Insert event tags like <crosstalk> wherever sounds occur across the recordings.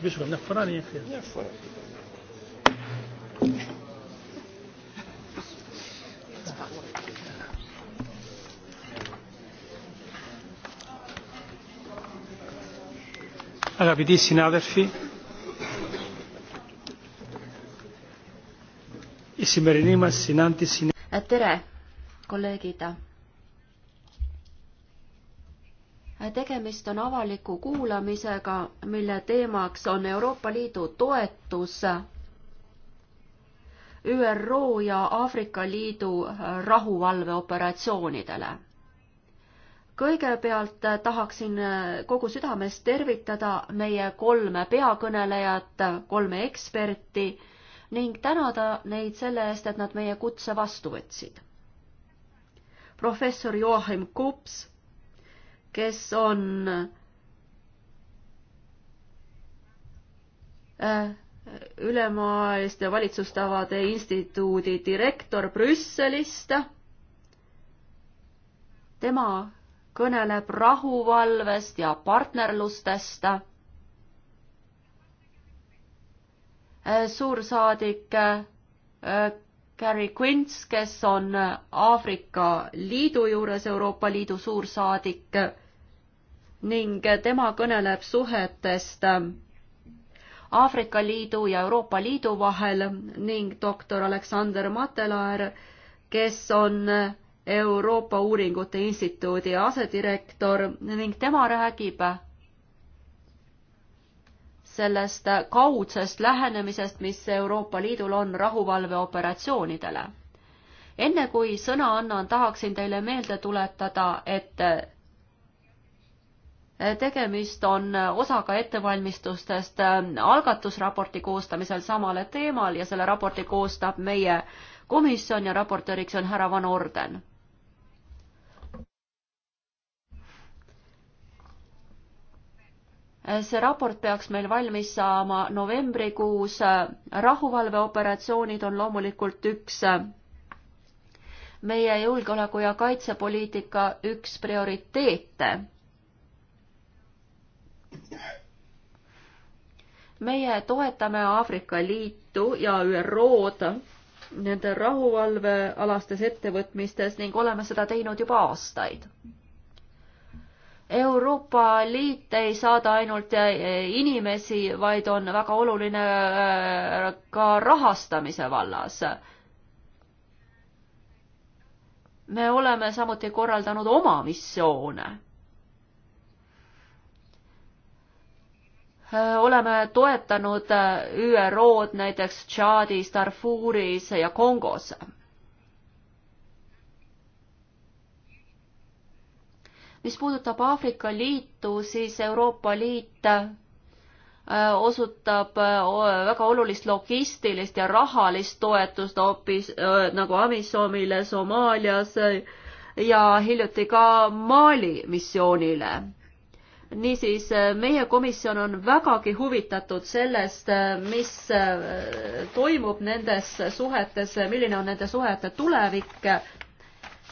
Ti biex għamna f-farani Αγαπητοί συνάδελφοι, η σημερινή μας συνάντηση... Tere, kolleegid! tegemist on avaliku kuulamisega, mille teemaks on Euroopa Liidu toetus ÜRO ja Aafrika Liidu rahuvalveoperatsioonidele. kõigepealt tahaksin kogu südamest tervitada meie kolme peakõnelejat, kolme eksperti ning tänada neid selle eest, et nad meie kutse vastu võtsid. professor Joachim Kups kes on äh, ülemaailmste valitsustavade instituudi direktor Brüsselist. tema kõneleb rahuvalvest ja partnerlustest. Äh, suursaadik äh, Gary Quints, kes on Aafrika Liidu juures Euroopa Liidu suursaadik ning tema kõneleb suhetest Aafrika Liidu ja Euroopa Liidu vahel ning doktor Aleksander Matelaer, kes on Euroopa Uuringute Instituudi asedirektor ning tema räägib sellest kaudsest lähenemisest, mis Euroopa Liidul on rahuvalveoperatsioonidele. enne kui sõna annan, tahaksin teile meelde tuletada, et tegemist on osaga ettevalmistustest algatusraporti koostamisel samale teemal ja selle raporti koostab meie komisjon ja raportööriks on härra Van Orden see raport peaks meil valmis saama novembrikuus. rahuvalveoperatsioonid on loomulikult üks meie julgeoleku ja kaitsepoliitika üks prioriteete. meie toetame Aafrika Liitu ja ÜRO-d nende rahuvalvealastes ettevõtmistes ning oleme seda teinud juba aastaid Euroopa Liit ei saada ainult äh, inimesi, vaid on väga oluline äh, ka rahastamise vallas. me oleme samuti korraldanud oma missioone äh, oleme toetanud ÜRO-d näiteks Tšaadis, Darfuris ja Kongos. mis puudutab Aafrika Liitu, siis Euroopa Liit äh, osutab äh, väga olulist logistilist ja rahalist toetust hoopis äh, nagu Amisomile Somaalias ja hiljuti ka Mali missioonile. niisiis, meie komisjon on vägagi huvitatud sellest, mis toimub nendes suhetes, milline on nende suhete tulevik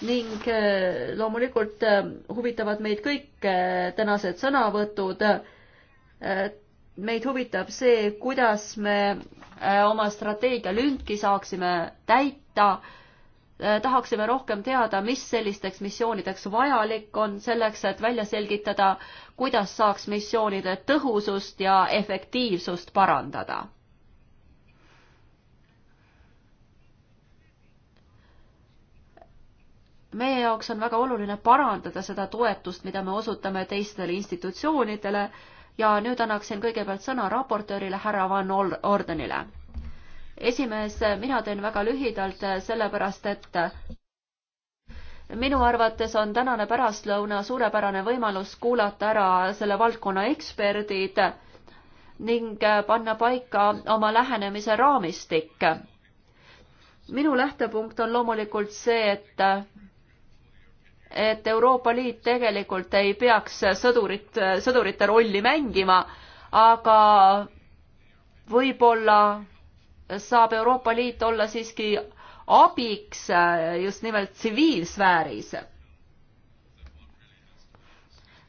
ning äh, loomulikult äh, huvitavad meid kõik äh, tänased sõnavõtud. meid huvitab see, kuidas me oma strateegia lünki saaksime täita. tahaksime rohkem teada, mis sellisteks missioonideks vajalik on, selleks et välja selgitada, kuidas saaks missioonide tõhusust ja efektiivsust parandada meie jaoks on väga oluline parandada seda toetust, mida me osutame teistele institutsioonidele ja nüüd annaksin kõigepealt sõna raportöörile härra Van Ordenile. esimees, mina teen väga lühidalt, sellepärast et minu arvates on tänane pärastlõuna suurepärane võimalus kuulata ära selle valdkonna eksperdid ning panna paika oma lähenemise raamistik. minu lähtepunkt on loomulikult see, et et Euroopa Liit tegelikult ei peaks sõdurit, sõdurite rolli mängima, aga võib-olla saab Euroopa Liit olla siiski abiks just nimelt tsiviilsfääris.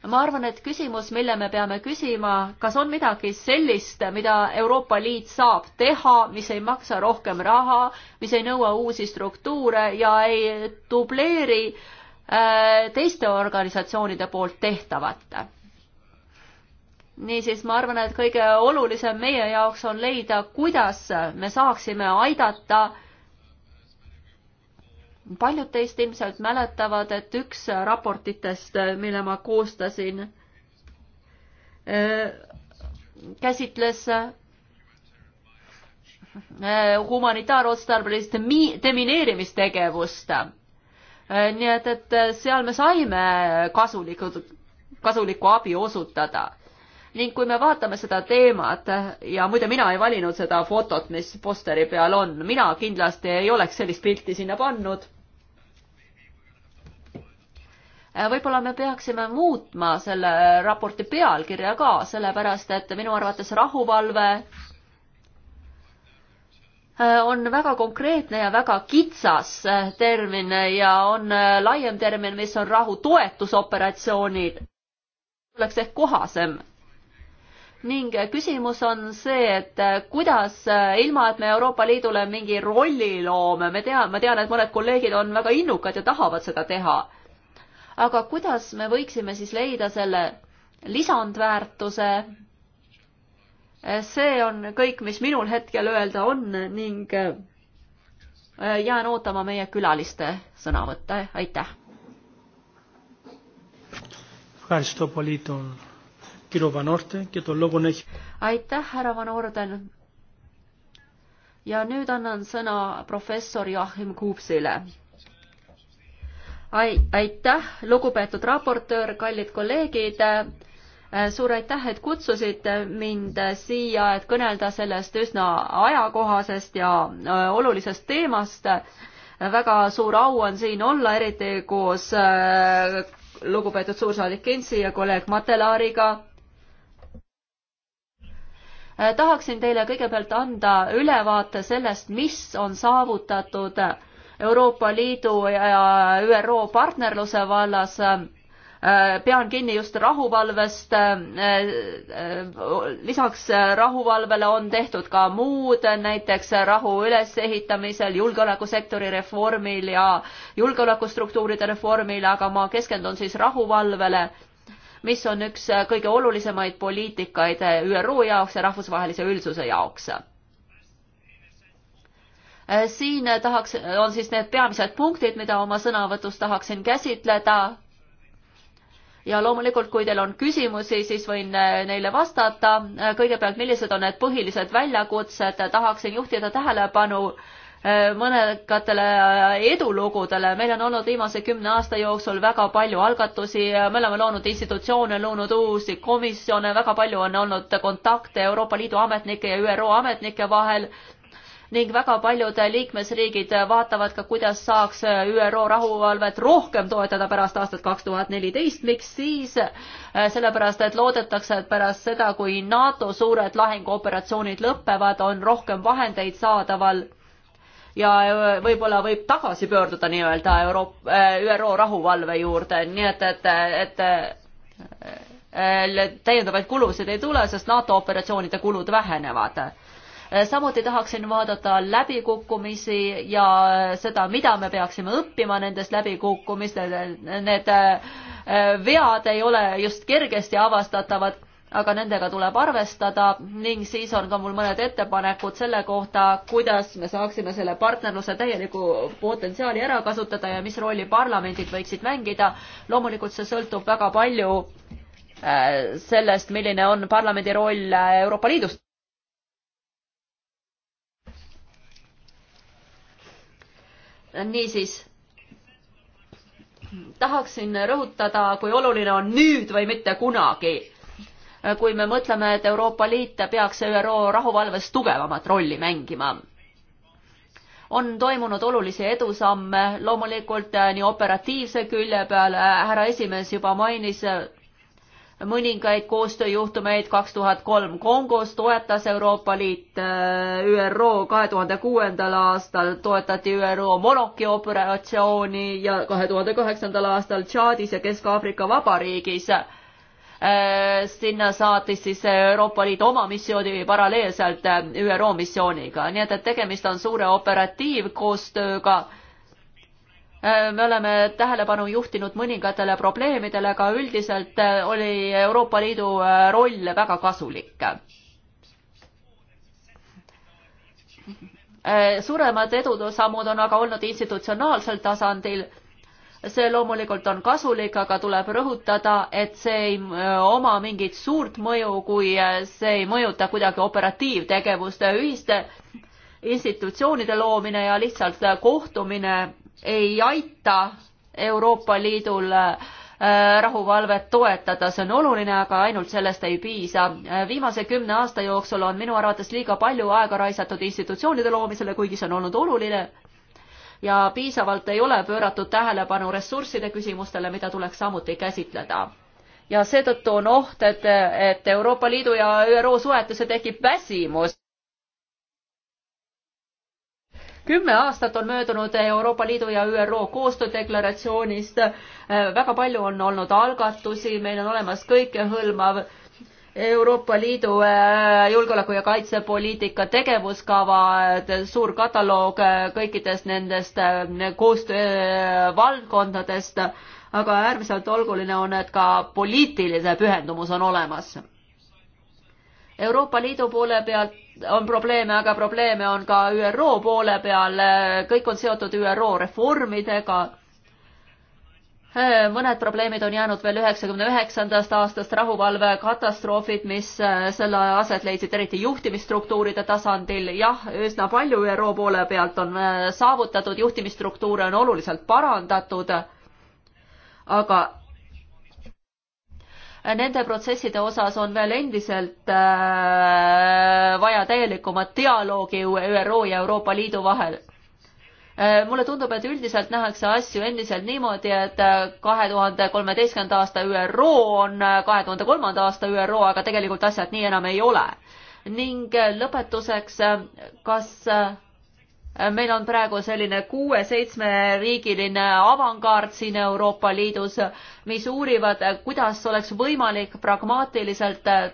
ma arvan, et küsimus, mille me peame küsima, kas on midagi sellist, mida Euroopa Liit saab teha, mis ei maksa rohkem raha, mis ei nõua uusi struktuure ja ei dubleeri äh, Äh, teiste organisatsioonide poolt tehtavat. niisiis, ma arvan, et kõige olulisem meie jaoks on leida, kuidas me saaksime aidata paljud teist ilmselt mäletavad, et üks raportitest, mille ma koostasin, äh, käsitles äh, humanitaarotstarbelist demineerimistegevust Äh, nii et, et äh, seal me saime kasulikud, kasulikku abi osutada. ning kui me vaatame seda teemat äh, ja muide, mina ei valinud seda fotot, mis posteri peal on, mina kindlasti ei oleks sellist pilti sinna pannud võib-olla me peaksime muutma selle raporti pealkirja ka, sellepärast et minu arvates rahuvalve Äh, on väga konkreetne ja väga kitsas äh, termin ja on äh, laiem termin, mis on rahu toetusoperatsioonid. oleks ehk kohasem. ning küsimus on see, et kuidas ilma, et me Euroopa Liidule mingi rolli loome, me teame, ma tean, et mõned kolleegid on väga innukad ja tahavad seda teha. aga kuidas me võiksime siis leida selle lisandväärtuse see on kõik, mis minul hetkel öelda on ning äh, jään ootama meie külaliste sõnavõtte, aitäh. aitäh, härra Van Orden. ja nüüd annan sõna professor Joachim Kuupsile. aitäh, lugupeetud raportöör, kallid kolleegid Äh, suur aitäh, et kutsusite mind siia, et kõnelda sellest üsna ajakohasest ja äh, olulisest teemast. väga suur au on siin olla, eriti koos äh, lugupeetud suursaadik Kintsi ja kolleeg Matelaariga. tahaksin teile kõigepealt anda ülevaate sellest, mis on saavutatud Euroopa Liidu ja ÜRO partnerluse vallas Äh, pean kinni just rahuvalvest. Äh, äh, lisaks rahuvalvele on tehtud ka muud, näiteks rahu ülesehitamisel, julgeolekusektori reformil ja julgeolekustruktuuride reformil, aga ma keskendun siis rahuvalvele, mis on üks kõige olulisemaid poliitikaid ÜRO jaoks ja rahvusvahelise üldsuse jaoks siin tahaks, on siis need peamised punktid, mida oma sõnavõtus tahaksin käsitleda ja loomulikult, kui teil on küsimusi, siis võin äh, neile vastata. Äh, kõigepealt, millised on need põhilised väljakutsed, tahaksin juhtida tähelepanu äh, mõningatele edulugudele. meil on olnud viimase kümne aasta jooksul väga palju algatusi, me oleme loonud institutsioone, loonud uusi komisjone, väga palju on olnud kontakte Euroopa Liidu ametnike ja ÜRO ametnike vahel ning väga paljud liikmesriigid vaatavad ka, kuidas saaks ÜRO rahuvalvet rohkem toetada pärast aastat kaks tuhat neliteist. miks siis? sellepärast, et loodetakse, et pärast seda, kui NATO suured lahinguoperatsioonid lõpevad, on rohkem vahendeid saadaval ja võib-olla võib tagasi pöörduda nii-öelda Euroopa, ÜRO rahuvalve juurde, nii et, et, et täiendavaid kulusid ei tule, sest NATO operatsioonide kulud vähenevad Äh, samuti tahaksin vaadata läbikukkumisi ja äh, seda, mida me peaksime õppima nendest läbikukkumistest, need äh, vead ei ole just kergesti avastatavad, aga nendega tuleb arvestada ning siis on ka mul mõned ettepanekud selle kohta, kuidas me saaksime selle partnerluse täieliku potentsiaali ära kasutada ja mis rolli parlamendid võiksid mängida. loomulikult see sõltub väga palju sellest, milline on parlamendi roll Euroopa Liidus. niisiis tahaksin rõhutada, kui oluline on nüüd või mitte kunagi. kui me mõtleme, et Euroopa Liit peaks ÜRO rahuvalves tugevamat rolli mängima. on toimunud olulisi edusamme loomulikult eh, nii operatiivse külje peal, eh, härra esimees juba mainis eh, mõningaid koostööjuhtumeid, kaks tuhat kolm Kongos toetas Euroopa Liit äh, ÜRO, kahe tuhande kuuendal aastal toetati ÜRO Monoki operatsiooni ja kahe tuhande kaheksandal aastal Tšaadis ja Kesk-Aafrika Vabariigis. Äh, sinna saatis siis Euroopa Liit oma missiooni paralleelselt äh, ÜRO missiooniga, nii et, et tegemist on suure operatiivkoostööga Äh, me oleme tähelepanu juhtinud mõningatele probleemidele, aga üldiselt äh, oli Euroopa Liidu äh, roll väga kasulik. suuremad edusammud on aga olnud institutsionaalsel tasandil. see loomulikult on kasulik, aga tuleb rõhutada, et see ei oma mingit suurt mõju, kui see ei mõjuta kuidagi operatiivtegevust, ühiste institutsioonide loomine ja lihtsalt kohtumine ei aita Euroopa Liidul äh, rahuvalvet toetada, see on oluline, aga ainult sellest ei piisa. Äh, viimase kümne aasta jooksul on minu arvates liiga palju aega raisatud institutsioonide loomisele, kuigi see on olnud oluline, ja piisavalt ei ole pööratud tähelepanu ressursside küsimustele, mida tuleks samuti käsitleda. ja seetõttu on oht, et, et Euroopa Liidu ja ÜRO suhetesse tekib väsimus kümme aastat on möödunud Euroopa Liidu ja ÜRO koostöödeklaratsioonist. väga palju on olnud algatusi, meil on olemas kõikehõlmav Euroopa Liidu äh, julgeoleku ja kaitsepoliitika tegevuskava, suur kataloog äh, kõikidest nendest äh, koostöövaldkondadest, aga äärmiselt oluline on, et ka poliitiline pühendumus on olemas. Euroopa Liidu poole pealt on probleeme, aga probleeme on ka ÜRO poole peal, kõik on seotud ÜRO reformidega. mõned probleemid on jäänud veel üheksakümne üheksandast aastast rahuvalvekatastroofid, mis äh, selle aset leidsid eriti juhtimisstruktuuride tasandil. jah, üsna palju ÜRO poole pealt on äh, saavutatud, juhtimisstruktuure on oluliselt parandatud, aga nende protsesside osas on veel endiselt äh, vaja täielikumat dialoogi ÜRO ja Euroopa Liidu vahel. Äh, mulle tundub, et üldiselt nähakse asju endiselt niimoodi, et äh, kahe tuhande kolmeteistkümnenda aasta ÜRO on kahe tuhande kolmanda aasta ÜRO, aga tegelikult asjad nii enam ei ole. ning lõpetuseks, kas meil on praegu selline kuue-seitsmeriigiline avangard siin Euroopa Liidus, mis uurivad, kuidas oleks võimalik pragmaatiliselt äh,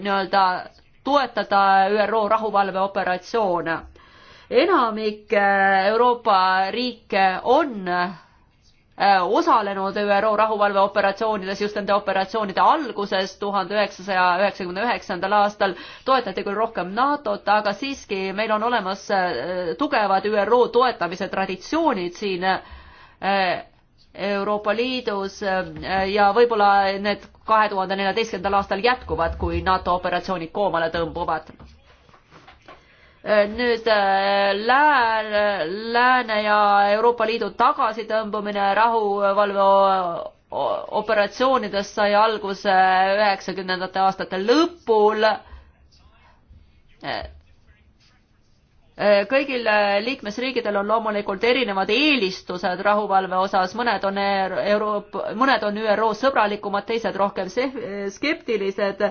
nii-öelda toetada ÜRO rahuvalveoperatsioone. enamik äh, Euroopa riike on Äh, osalenud ÜRO rahuvalveoperatsioonides just nende operatsioonide alguses tuhande üheksasaja üheksakümne üheksandal aastal toetati küll rohkem NATO-t, aga siiski meil on olemas äh, tugevad ÜRO toetamise traditsioonid siin äh, Euroopa Liidus ja võib-olla need kahe tuhande neljateistkümnendal aastal jätkuvad, kui NATO operatsioonid koomale tõmbuvad nüüd äh, läär, Lääne ja Euroopa Liidu tagasitõmbumine rahuvalve operatsioonidest sai alguse üheksakümnendate aastate lõpul. kõigil liikmesriigidel on loomulikult erinevad eelistused rahuvalve osas, mõned on Euroopa, mõned on ÜRO sõbralikumad, teised rohkem skeptilised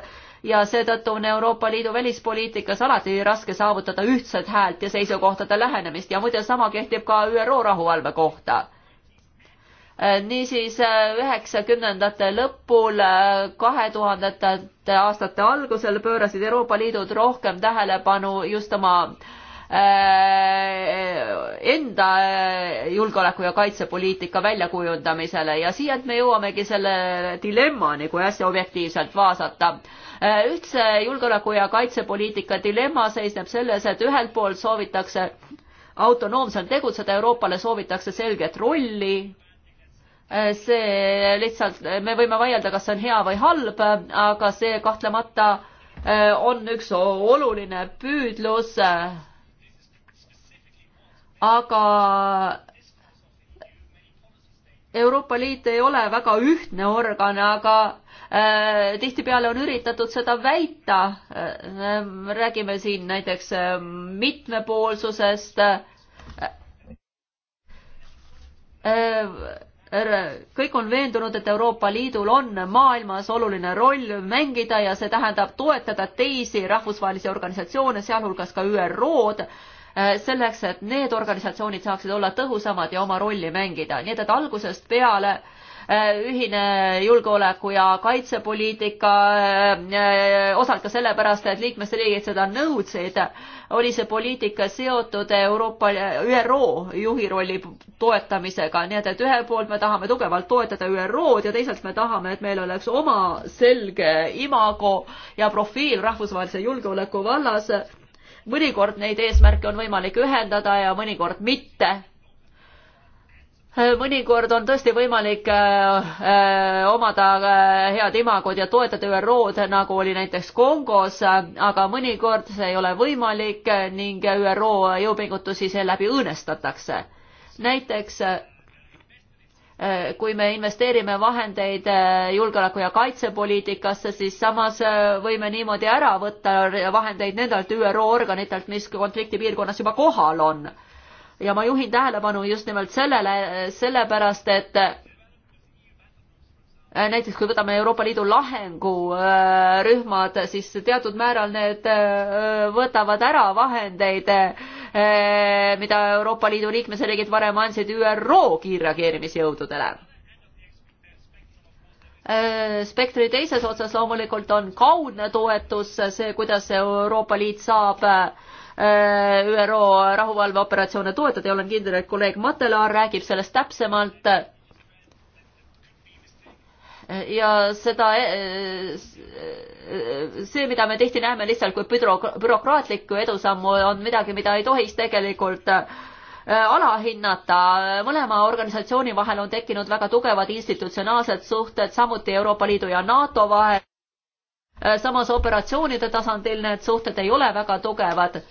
ja seetõttu on Euroopa Liidu välispoliitikas alati raske saavutada ühtset häält ja seisukohtade lähenemist ja muide sama kehtib ka ÜRO rahuvalve kohta äh, niisiis äh, üheksakümnendate lõpul, äh, kahe tuhandete aastate algusel pöörasid Euroopa Liidud rohkem tähelepanu just oma äh, Äh, enda julgeoleku ja kaitsepoliitika väljakujundamisele ja siia me jõuamegi selle dilemmani, kui asja objektiivselt vaasata. Äh, ühtse julgeoleku ja kaitsepoliitika dilemma seisneb selles, et ühelt poolt soovitakse autonoomselt tegutseda, Euroopale soovitakse selget rolli, äh, see lihtsalt, me võime vaielda, kas see on hea või halb, aga see kahtlemata on üks oluline püüdlus aga Euroopa Liit ei ole väga ühtne organ, aga äh, tihtipeale on üritatud seda väita äh,. räägime siin näiteks äh, mitmepoolsusest äh, äh, kõik on veendunud, et Euroopa Liidul on maailmas oluline roll mängida ja see tähendab toetada teisi rahvusvahelisi organisatsioone, sealhulgas ka ÜRO-d Äh, selleks, et need organisatsioonid saaksid olla tõhusamad ja oma rolli mängida, nii et, et algusest peale äh, ühine julgeoleku ja kaitsepoliitika, äh, osalt ka sellepärast, et liikmesriigid seda nõudsid, oli see poliitika seotud Euroopa, ÜRO juhi rolli toetamisega, nii et, et ühelt poolt me tahame tugevalt toetada ÜRO-d ja teisalt me tahame, et meil oleks oma selge imago ja profiil rahvusvahelise julgeoleku vallas mõnikord neid eesmärke on võimalik ühendada ja mõnikord mitte. mõnikord on tõesti võimalik äh, äh, omada äh, head imagot ja toetada ÜRO-d, nagu oli näiteks Kongos, aga mõnikord see ei ole võimalik ning ÜRO jõupingutusi seeläbi õõnestatakse. näiteks Äh, kui me investeerime vahendeid äh, julgeoleku ja kaitsepoliitikasse, siis samas äh, võime niimoodi ära võtta vahendeid nendelt ÜRO organitelt, mis konfliktipiirkonnas juba kohal on. ja ma juhin tähelepanu just nimelt sellele, sellepärast et näiteks kui võtame Euroopa Liidu lahengurühmad, siis teatud määral need võtavad ära vahendeid Eh, mida Euroopa Liidu liikmesriigid varem andsid ÜRO kiirreageerimisjõududele. Eh, spektri teises otsas loomulikult on kaudne toetus, see, kuidas Euroopa Liit saab eh, ÜRO rahuvalveoperatsioone toetada ja olen kindel, et kolleeg Matelaar räägib sellest täpsemalt ja seda, eh, eh, see, mida me tihti näeme lihtsalt kui büro, bürokraatlikku edusammu, on midagi, mida ei tohiks tegelikult eh, alahinnata. mõlema organisatsiooni vahel on tekkinud väga tugevad institutsionaalsed suhted, samuti Euroopa Liidu ja NATO vahel. samas operatsioonide tasandil need suhted ei ole väga tugevad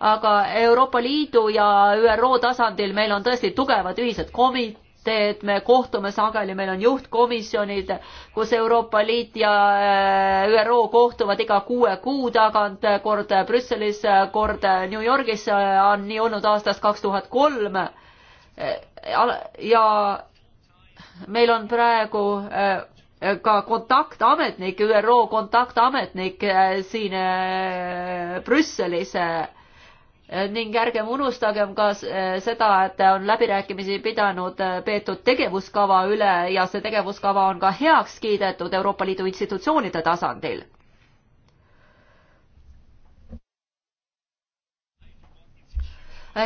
aga Euroopa Liidu ja ÜRO tasandil meil on tõesti tugevad ühised komi-, ette, et me kohtume sageli, meil on juhtkomisjonid, kus Euroopa Liit ja äh, ÜRO kohtuvad iga kuue kuu tagant, kord Brüsselis, kord New Yorgis, äh, on nii olnud aastast kaks tuhat kolm. Äh, ja meil on praegu ka kontaktametnik, ÜRO kontaktametnik siin Brüsselis ning ärgem unustagem ka äh, seda, et on läbirääkimisi pidanud, äh, peetud tegevuskava üle ja see tegevuskava on ka heaks kiidetud Euroopa Liidu institutsioonide tasandil.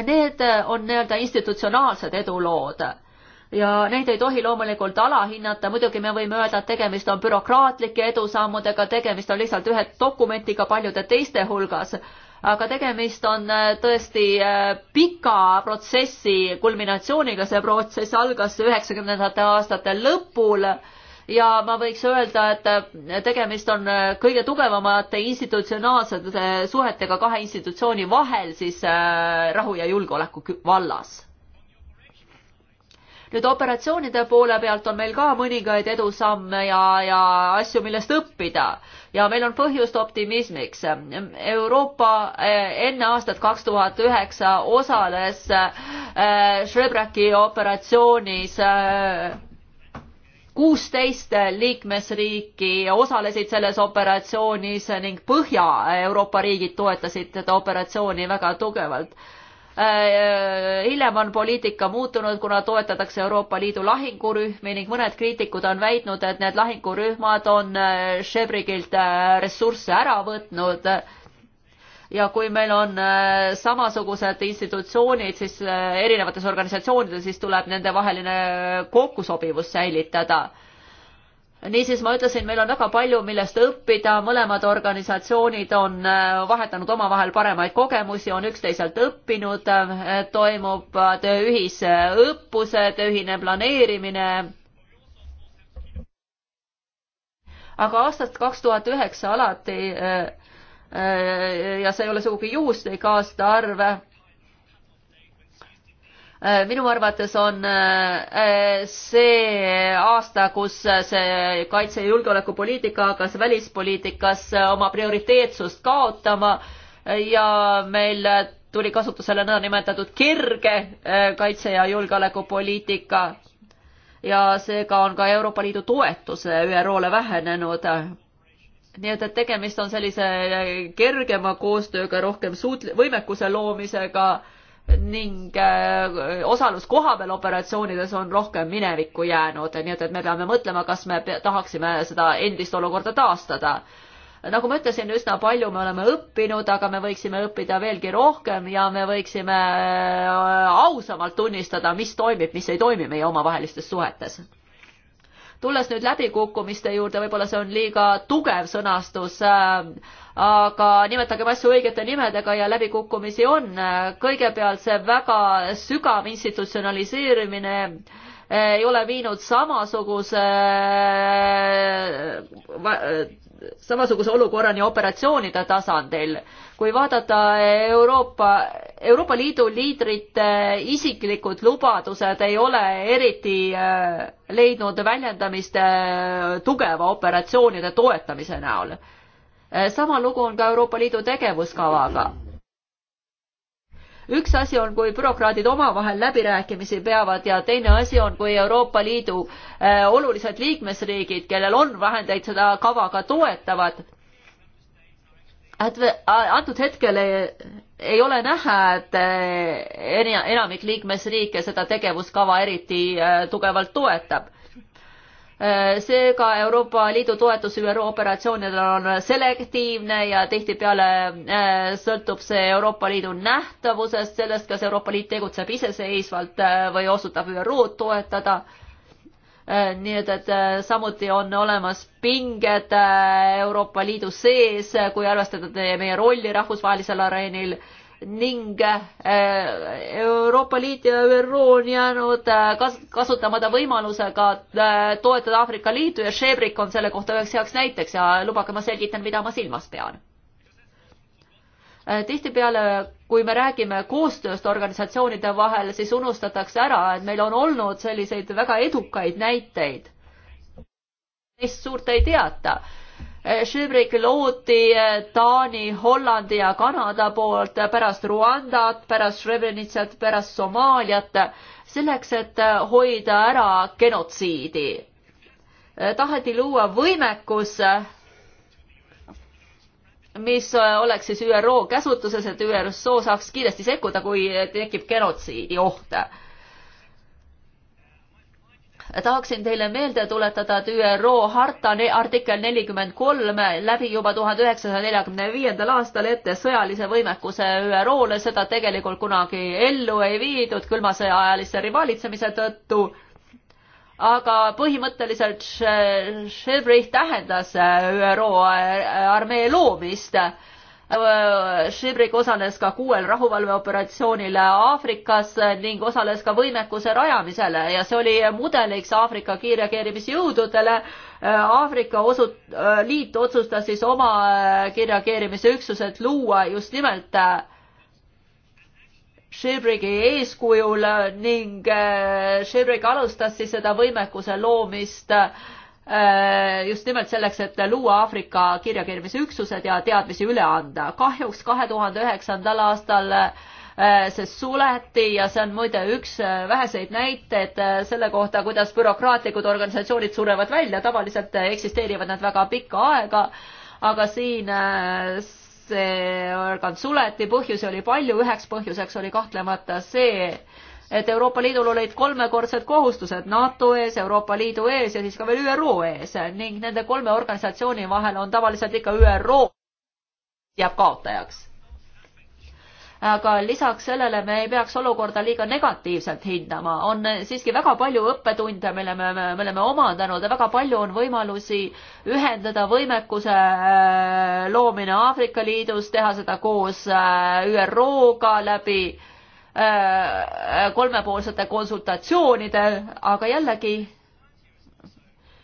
Need äh, on nii-öelda institutsionaalsed edulood ja neid ei tohi loomulikult alahinnata, muidugi me võime öelda, et tegemist on bürokraatlike edusammudega, tegemist on lihtsalt ühe dokumentiga paljude teiste hulgas aga tegemist on äh, tõesti äh, pika protsessi kulminatsiooniga, see protsess algas üheksakümnendate aastate lõpul ja ma võiks öelda, et äh, tegemist on kõige tugevamate institutsionaalsete suhetega kahe institutsiooni vahel siis rahu ja julgeoleku vallas nüüd operatsioonide poole pealt on meil ka mõningaid edusamme ja, ja asju, millest õppida ja meil on põhjust optimismiks. Euroopa eh, enne aastat kaks tuhat üheksa osales eh, Shrebraki operatsioonis eh, kuusteist liikmesriiki osalesid selles operatsioonis ning Põhja-Euroopa riigid toetasid seda operatsiooni väga tugevalt Äh, äh, hiljem on poliitika muutunud, kuna toetatakse Euroopa Liidu lahingurühmi ning mõned kriitikud on väitnud, et need lahingurühmad on äh, Šebrigilt ressursse ära võtnud. ja kui meil on samasugused institutsioonid, siis erinevates organisatsioonides, siis tuleb nendevaheline kokkusobivus säilitada niisiis ma ütlesin, meil on väga palju, millest õppida, mõlemad organisatsioonid on äh, vahetanud omavahel paremaid kogemusi, on üksteiselt õppinud, äh, toimuvad äh, ühisõppused, ühine planeerimine. aga aastast kaks tuhat üheksa alati ja see ei ole sugugi juhuslik aastaarv Äh, minu arvates on äh, see aasta, kus see kaitse- ja julgeolekupoliitika hakkas välispoliitikas oma prioriteetsust kaotama ja meil tuli kasutusele nõndanimetatud kirge äh, kaitse- ja julgeolekupoliitika ja seega on ka Euroopa Liidu toetus ÜRO-le vähenenud. nii et, et tegemist on sellise kergema koostööga, rohkem suut-, võimekuse loomisega ning äh, osalus kohapeal operatsioonides on rohkem minevikku jäänud, nii et, et me peame mõtlema, kas me tahaksime seda endist olukorda taastada. nagu ma ütlesin, üsna palju me oleme õppinud, aga me võiksime õppida veelgi rohkem ja me võiksime äh, ausamalt tunnistada, mis toimib, mis ei toimi meie omavahelistes suhetes tulles nüüd läbikukkumiste juurde, võib-olla see on liiga tugev sõnastus, äh, aga nimetagem asju õigete nimedega ja läbikukkumisi on. kõigepealt see väga sügav institutsionaliseerimine äh, ei ole viinud samasuguse äh, samasuguse olukorrani operatsioonide tasandil. kui vaadata Euroopa, Euroopa Liidu liidrite isiklikud lubadused ei ole eriti äh, leidnud väljendamist äh, tugeva operatsioonide toetamise näol. Äh, sama lugu on ka Euroopa Liidu tegevuskavaga üks asi on, kui bürokraadid omavahel läbirääkimisi peavad ja teine asi on, kui Euroopa Liidu äh, olulised liikmesriigid, kellel on vahendeid, seda kava ka toetavad. antud hetkel ei, ei ole näha, et äh, enamik liikmesriike seda tegevuskava eriti äh, tugevalt toetab Äh, seega Euroopa Liidu toetus ÜRO operatsioonidel on selektiivne ja tihtipeale äh, sõltub see Euroopa Liidu nähtavusest, sellest, kas Euroopa Liit tegutseb iseseisvalt äh, või osutab ÜRO-d toetada nii et, et samuti on olemas pinged Euroopa Liidu sees, kui arvestada teie, meie rolli rahvusvahelisel areenil ning äh, Euroopa Liit ja ÜRO on jäänud äh, kas-, kasutamata võimalusega äh, toetada Aafrika Liitu ja Shebrik on selle kohta üheks heaks näiteks ja lubage, ma selgitan, mida ma silmas pean tihtipeale, kui me räägime koostööst organisatsioonide vahel, siis unustatakse ära, et meil on olnud selliseid väga edukaid näiteid. Neist suurt ei teata Eh, Schübrik loodi eh, Taani, Hollandi ja Kanada poolt eh, pärast Ruandat, pärast Srebrenitsat, pärast Somaaliat, selleks, et hoida ära genotsiidi. taheti luua võimekus, mis oleks siis ÜRO käsutuses, et ÜRSO saaks kiiresti sekkuda, kui tekib genotsiidi oht tahaksin teile meelde tuletada, et ÜRO harta artikkel nelikümmend kolm läbi juba tuhande üheksasaja neljakümne viiendal aastal ette sõjalise võimekuse ÜRO-le, seda tegelikult kunagi ellu ei viidud külma sõja ajalise rivaalitsemise tõttu. aga põhimõtteliselt Shelbrich tähendas ÜRO armee loomist Šibrik äh, osales ka kuuel rahuvalveoperatsioonil Aafrikas ning osales ka võimekuse rajamisele ja see oli mudeliks Aafrika kiirreageerimisjõududele. Äh, Aafrika osut-, äh, liit otsustas siis oma kiirreageerimisüksused luua just nimelt Shibrigi eeskujul ning Shibrig alustas siis seda võimekuse loomist äh, Äh, just nimelt selleks, et luua Aafrika kirjakirjamise üksused ja teadmisi üle anda. kahjuks kahe tuhande üheksandal aastal äh, see suleti ja see on muide üks äh, väheseid näiteid selle kohta, kuidas bürokraatlikud organisatsioonid surevad välja, tavaliselt eksisteerivad nad väga pikka aega, aga siin see organ suleti, põhjusi oli palju, üheks põhjuseks oli kahtlemata see, et Euroopa Liidul olid kolmekordsed kohustused NATO ees, Euroopa Liidu ees ja siis ka veel ÜRO ees ning nende kolme organisatsiooni vahel on tavaliselt ikka ÜRO jääb kaotajaks. aga lisaks sellele me ei peaks olukorda liiga negatiivselt hindama, on siiski väga palju õppetunde, mille me, me oleme omandanud ja väga palju on võimalusi ühendada võimekuse äh, loomine Aafrika Liidus, teha seda koos äh, ÜRO-ga läbi äh, Äh, kolmepoolsete konsultatsioonidel, aga jällegi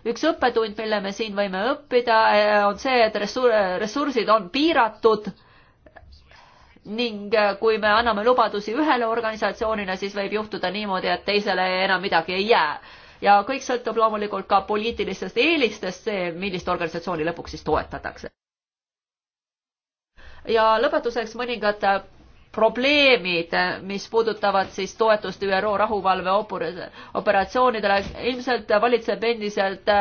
üks õppetund, mille me siin võime õppida, äh, on see, et ressursid on piiratud ning äh, kui me anname lubadusi ühele organisatsioonile, siis võib juhtuda niimoodi, et teisele enam midagi ei jää. ja kõik sõltub loomulikult ka poliitilistest eelistest, see, millist organisatsiooni lõpuks siis toetatakse ja lõpetuseks mõningad probleemid, mis puudutavad siis toetust ÜRO rahuvalveoperatsioonidele. ilmselt valitseb endiselt äh,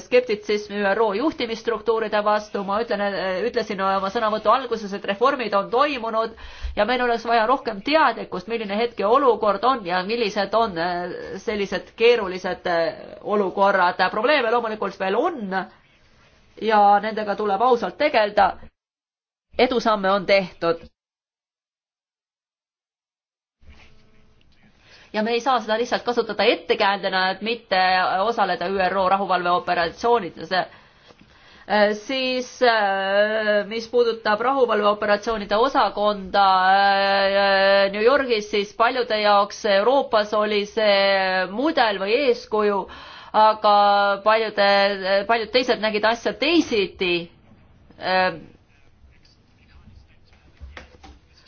skeptitsism ÜRO juhtimisstruktuuride vastu, ma ütlen, äh, ütlesin oma sõnavõtu alguses, et reformid on toimunud ja meil oleks vaja rohkem teadlikkust, milline hetkeolukord on ja millised on äh, sellised keerulised olukorrad. probleeme loomulikult veel on ja nendega tuleb ausalt tegeleda. edusamme on tehtud ja me ei saa seda lihtsalt kasutada ettekäändena, et mitte osaleda ÜRO rahuvalveoperatsioonides äh, siis äh, mis puudutab rahuvalveoperatsioonide osakonda äh, New Yorgis, siis paljude jaoks Euroopas oli see mudel või eeskuju, aga paljude, paljud teised nägid asja teisiti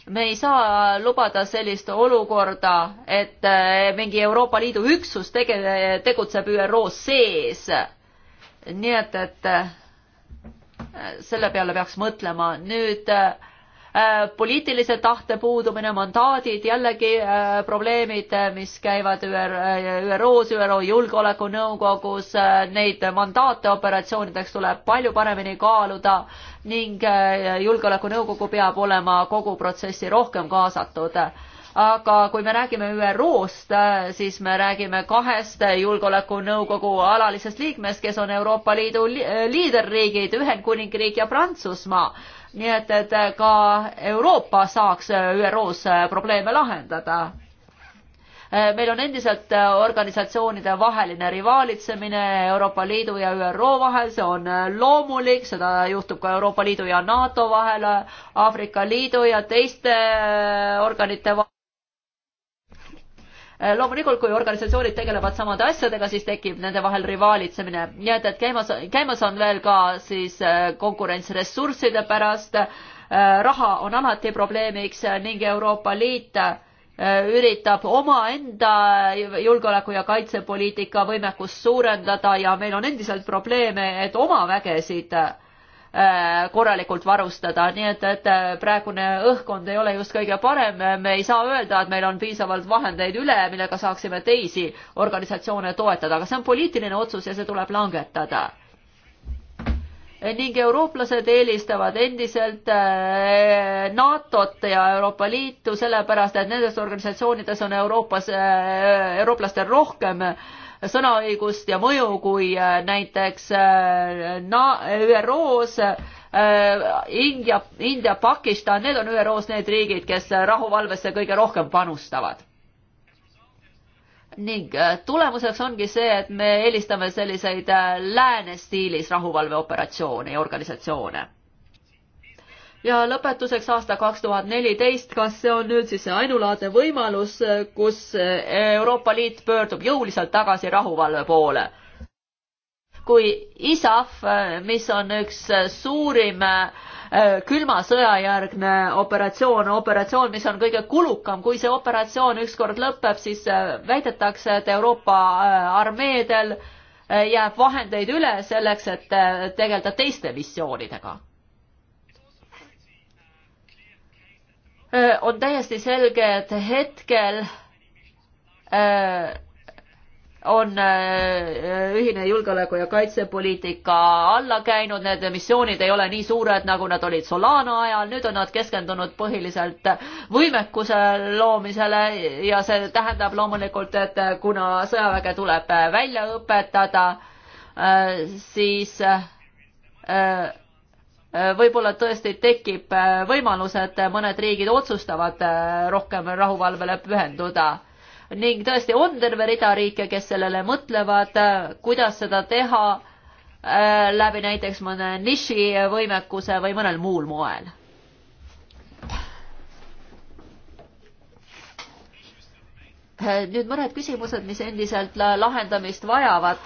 me ei saa lubada sellist olukorda, et eh, mingi Euroopa Liidu üksus tege-, tegutseb ÜRO sees. nii et, et eh, selle peale peaks mõtlema. nüüd äh, poliitilise tahte puudumine, mandaadid, jällegi äh, probleemid, mis käivad ÜRO-s, ÜRO Julgeolekunõukogus äh,, neid mandaate operatsioonideks tuleb palju paremini kaaluda äh, ning äh, Julgeolekunõukogu peab olema kogu protsessi rohkem kaasatud. aga kui me räägime ÜRO-st, äh, siis me räägime kahest Julgeolekunõukogu alalisest liikmest, kes on Euroopa Liidu äh, liiderriigid, Ühendkuningriik ja Prantsusmaa. nii et, et ka Euroopa saaks ÜRO-s probleeme lahendada Äh, meil on endiselt äh, organisatsioonide vaheline rivaalitsemine Euroopa Liidu ja ÜRO vahel, see on äh, loomulik, seda juhtub ka Euroopa Liidu ja NATO vahel, Aafrika Liidu ja teiste organite vahel loomulikult, kui organisatsioonid tegelevad samade asjadega, siis tekib nende vahel rivaalitsemine. nii et, et käimas, käimas on veel ka siis konkurents ressursside pärast. raha on alati probleemiks ning Euroopa Liit äh, Äh, üritab omaenda julgeoleku- ja kaitsepoliitika võimekust suurendada ja meil on endiselt probleeme, et oma vägesid äh, korralikult varustada, nii et, et äh, praegune õhkkond ei ole just kõige parem, me ei saa öelda, et meil on piisavalt vahendeid üle, millega saaksime teisi organisatsioone toetada, aga see on poliitiline otsus ja see tuleb langetada ning eurooplased eelistavad endiselt eh, NATO-t ja Euroopa Liitu, sellepärast et nendes organisatsioonides on Euroopas, eh, eurooplastel rohkem sõnaõigust ja mõju kui eh, näiteks ÜRO-s India, India, Pakistan, need on ÜRO-s need riigid, kes rahuvalvesse kõige rohkem panustavad ning äh, tulemuseks ongi see, et me eelistame selliseid äh, lääne stiilis rahuvalveoperatsioone ja organisatsioone. ja lõpetuseks aasta kaks tuhat neliteist, kas see on nüüd siis see ainulaadne võimalus, äh, kus Euroopa Liit pöördub jõuliselt tagasi rahuvalve poole? kui ISAF, mis on üks suurim äh, Äh, külma sõja järgne operatsioon, operatsioon, mis on kõige kulukam, kui see operatsioon ükskord lõpeb, siis äh, väidetakse, et Euroopa äh, armeedel jääb vahendeid üle selleks, et tegeleda teiste missioonidega on täiesti selge, et hetkel äh, on äh, ühine julgeoleku ja kaitsepoliitika alla käinud, need missioonid ei ole nii suured, nagu nad olid Solana ajal, nüüd on nad keskendunud põhiliselt võimekuse loomisele ja see tähendab loomulikult, et kuna sõjaväge tuleb välja õpetada, äh, siis äh, võib-olla tõesti tekib võimalus, et mõned riigid otsustavad rohkem rahuvalvele pühenduda ning tõesti on terve rida riike, kes sellele mõtlevad, kuidas seda teha äh, läbi näiteks mõne nišivõimekuse või mõnel muul moel nüüd mõned küsimused, mis endiselt lahendamist vajavad.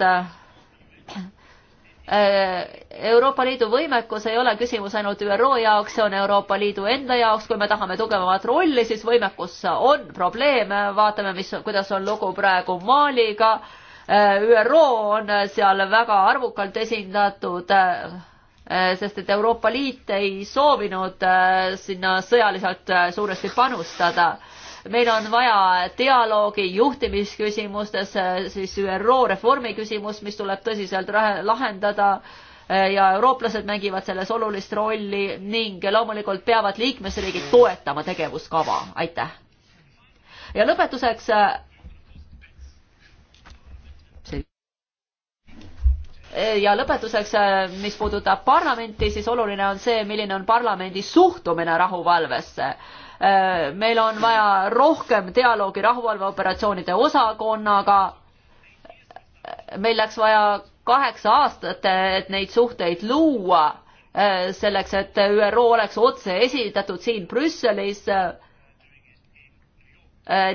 Äh, Euroopa Liidu võimekus ei ole küsimus ainult ÜRO jaoks, see on Euroopa Liidu enda jaoks, kui me tahame tugevamat rolli, siis võimekus on probleem, vaatame, mis, kuidas on lugu praegu Maliga. Äh, ÜRO on seal väga arvukalt esindatud, äh, sest et Euroopa Liit ei soovinud sinna sõjaliselt suuresti panustada meil on vaja dialoogi juhtimisküsimustes, siis ÜRO reformi küsimus, mis tuleb tõsiselt lahendada ja eurooplased mängivad selles olulist rolli ning loomulikult peavad liikmesriigid toetama tegevuskava, aitäh. ja lõpetuseks. ja lõpetuseks, mis puudutab parlamenti, siis oluline on see, milline on parlamendi suhtumine rahuvalvesse Äh, meil on vaja rohkem dialoogi rahuvalveoperatsioonide osakonnaga. meil läks vaja kaheksa aastat, et neid suhteid luua, äh, selleks et ÜRO oleks otse esindatud siin Brüsselis. Äh,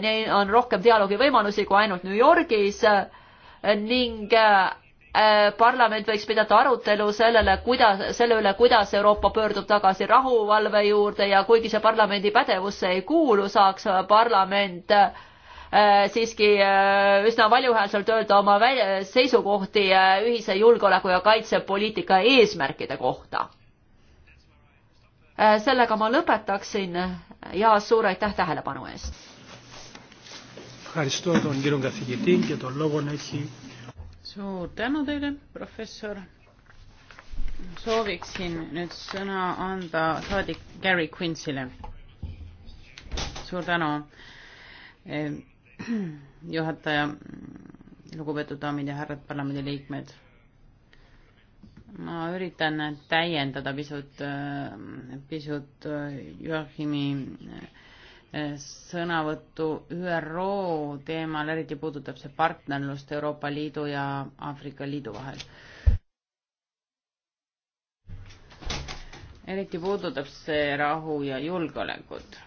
Neil on rohkem dialoogi võimalusi kui ainult New Yorgis ning Äh, parlament võiks pidada arutelu sellele, kuidas, selle üle, kuidas Euroopa pöördub tagasi rahuvalve juurde ja kuigi see parlamendi pädevusse ei kuulu, saaks parlament äh, siiski äh, üsna valjuhäälselt öelda oma seisukohti ühise julgeoleku ja kaitsepoliitika eesmärkide kohta. sellega ma lõpetaksin ja suur aitäh tähelepanu eest suur tänu teile, professor. sooviksin nüüd sõna anda saadik Gary Quincy'le. suur tänu, eh, <clears throat> juhataja, lugupeetud daamid ja härrad parlamendiliikmed. ma üritan täiendada pisut, eh, pisut eh, Joachimi sõnavõttu ÜRO teemal, eriti puudutab see partnerlust Euroopa Liidu ja Aafrika Liidu vahel. eriti puudutab see rahu ja julgeolekut.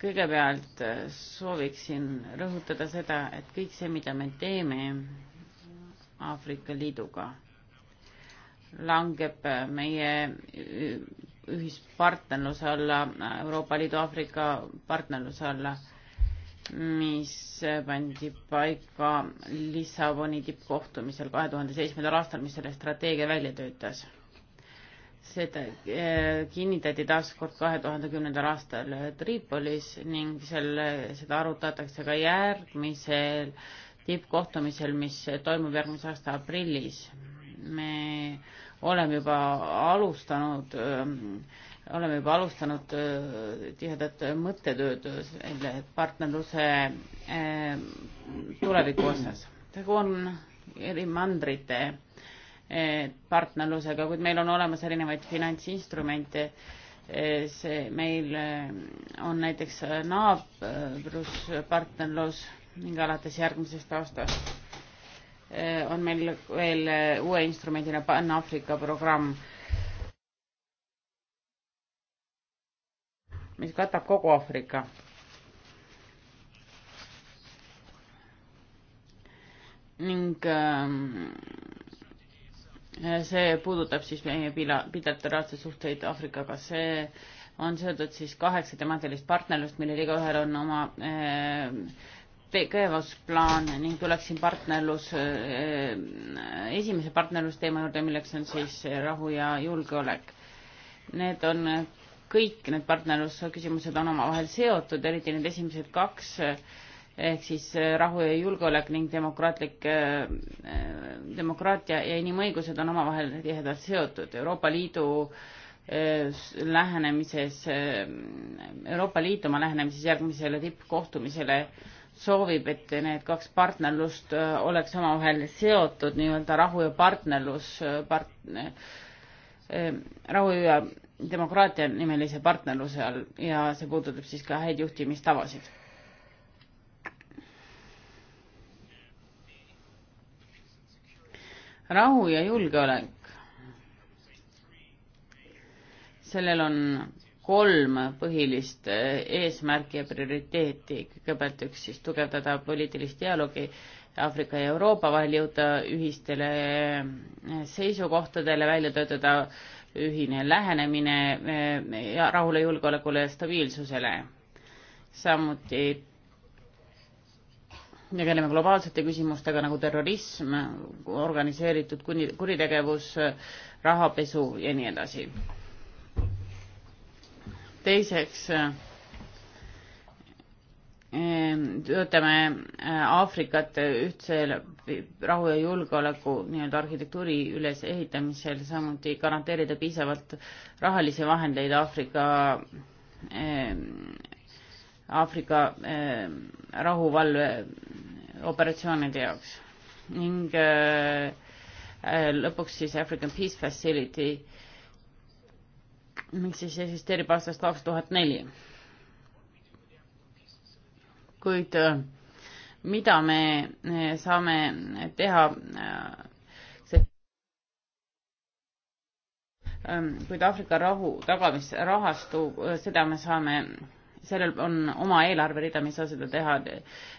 kõigepealt sooviksin rõhutada seda, et kõik see, mida me teeme Aafrika Liiduga, langeb meie ühispartnerluse alla, Euroopa Liidu Aafrika partnerluse alla, mis pandi paika Lissaboni tippkohtumisel kahe tuhande seitsmendal aastal, mis selle strateegia välja töötas. seda eh, kinnitati taas kord kahe tuhande kümnendal aastal Tripolis ning selle, seda arutatakse ka järgmisel tippkohtumisel, mis toimub järgmise aasta aprillis. me oleme juba alustanud, ähm, oleme juba alustanud äh, tihedat mõttetööd selle partnerluse ähm, tuleviku osas. tegu on eri mandrite äh, partnerlusega, kuid meil on olemas erinevaid finantsinstrumente. Äh, see, meil on näiteks naabruspartnerlus ning alates järgmisest aastast Eh, on meil veel eh, uue instrumendina Pan-Aafrika programm, mis katab kogu Aafrika. ning ehm, eh, see puudutab siis meie bilateraalseid suhteid Aafrikaga, see on seotud siis kaheksa temaatilist partnerlust, millel igaühel on oma äh, tegevusplaan ning tuleksin partnerlus, äh, esimese partnerlusteema juurde, milleks on siis rahu ja julgeolek. Need on kõik need partnerlusküsimused on omavahel seotud, eriti need esimesed kaks ehk siis rahu ja julgeolek ning demokraatlik, äh, demokraatia ja inimõigused on omavahel tihedalt seotud. Euroopa Liidu äh, lähenemises, Euroopa Liit oma lähenemises järgmisele tippkohtumisele soovib, et need kaks partnerlust äh, oleks omavahel seotud nii-öelda rahu ja partnerlus äh, part,, äh, rahu ja demokraatia nimelise partnerluse all ja see puudutab siis ka häid juhtimistavasid. rahu ja julgeolek. sellel on kolm põhilist eh, eesmärki ja prioriteeti. kõigepealt üks siis tugevdada poliitilist dialoogi Aafrika ja Euroopa vahel, jõuda ühistele eh, seisukohtadele, välja töötada ühine lähenemine eh, ja rahule, julgeolekule ja stabiilsusele. samuti tegeleme globaalsete küsimustega nagu terrorism, organiseeritud kuritegevus, rahapesu ja nii edasi teiseks ehm, töötame äh, Aafrikat ühtse rahu ja julgeoleku nii-öelda arhitektuuri ülesehitamisel, samuti garanteerida piisavalt rahalisi vahendeid Aafrika ehm, Aafrika ehm, rahuvalve operatsioonide jaoks ning äh, äh, lõpuks siis African Peace Facility äh, mis siis eksisteerib aastast kaks tuhat neli. kuid äh, mida me äh, saame teha äh, see, ähm, kuid Aafrika rahu tagamisrahastu, seda me saame sellel on oma eelarverida, me ei saa seda teha,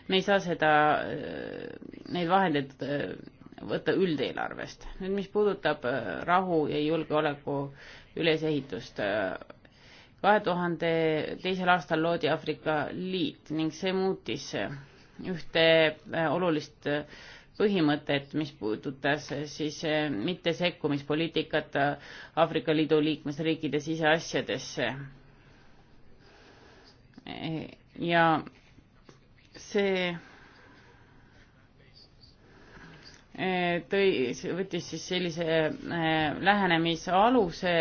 me ei saa seda, neid vahendeid võtta üldeelarvest. nüüd, mis puudutab rahu ja julgeoleku ülesehitust. kahe tuhande teisel aastal loodi Aafrika Liit ning see muutis ühte olulist põhimõtet, mis puudutas siis mittesekkumispoliitikat Aafrika Liidu liikmesriikide siseasjadesse. ja see eh, tõi, võttis siis sellise eh, lähenemise aluse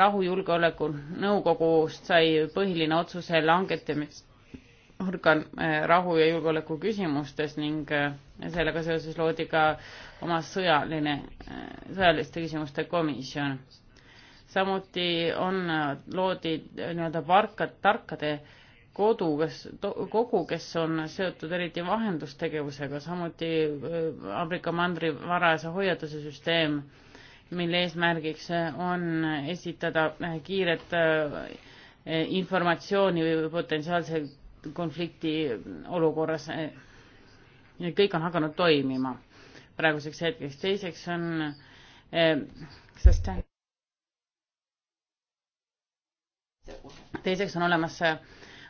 rahujulgeoleku nõukogust sai põhiline otsuse langetamisorgan äh, rahu ja julgeoleku küsimustes ning äh, sellega seoses loodi ka oma sõjaline, äh, sõjaliste küsimuste komisjon. samuti on, loodi nii-öelda varkad, tarkade kodu, kes, kogu, kes on seotud eriti vahendustegevusega, samuti Aafrika mandri varajase hoiatuse süsteem mille eesmärgiks on esitada kiiret äh, informatsiooni potentsiaalse konflikti olukorras. kõik on hakanud toimima praeguseks hetkeks. teiseks on, äh, sest teiseks on olemas äh,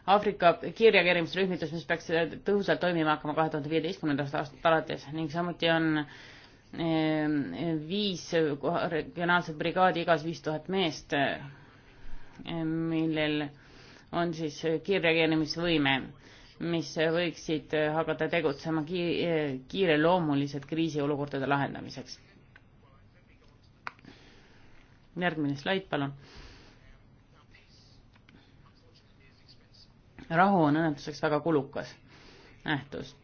Aafrika kiirreageerimisrühmitus, mis peaks tõhusalt toimima hakkama kahe tuhande viieteistkümnendast aastast alates ning samuti on Ehm, viis regionaalset brigaadi, igas viis tuhat meest, ehm, millel on siis kiirreageerimisvõime, mis võiksid hakata tegutsema kiireloomuliselt kriisiolukordade lahendamiseks. järgmine slaid, palun. rahu on õnnetuseks väga kulukas nähtus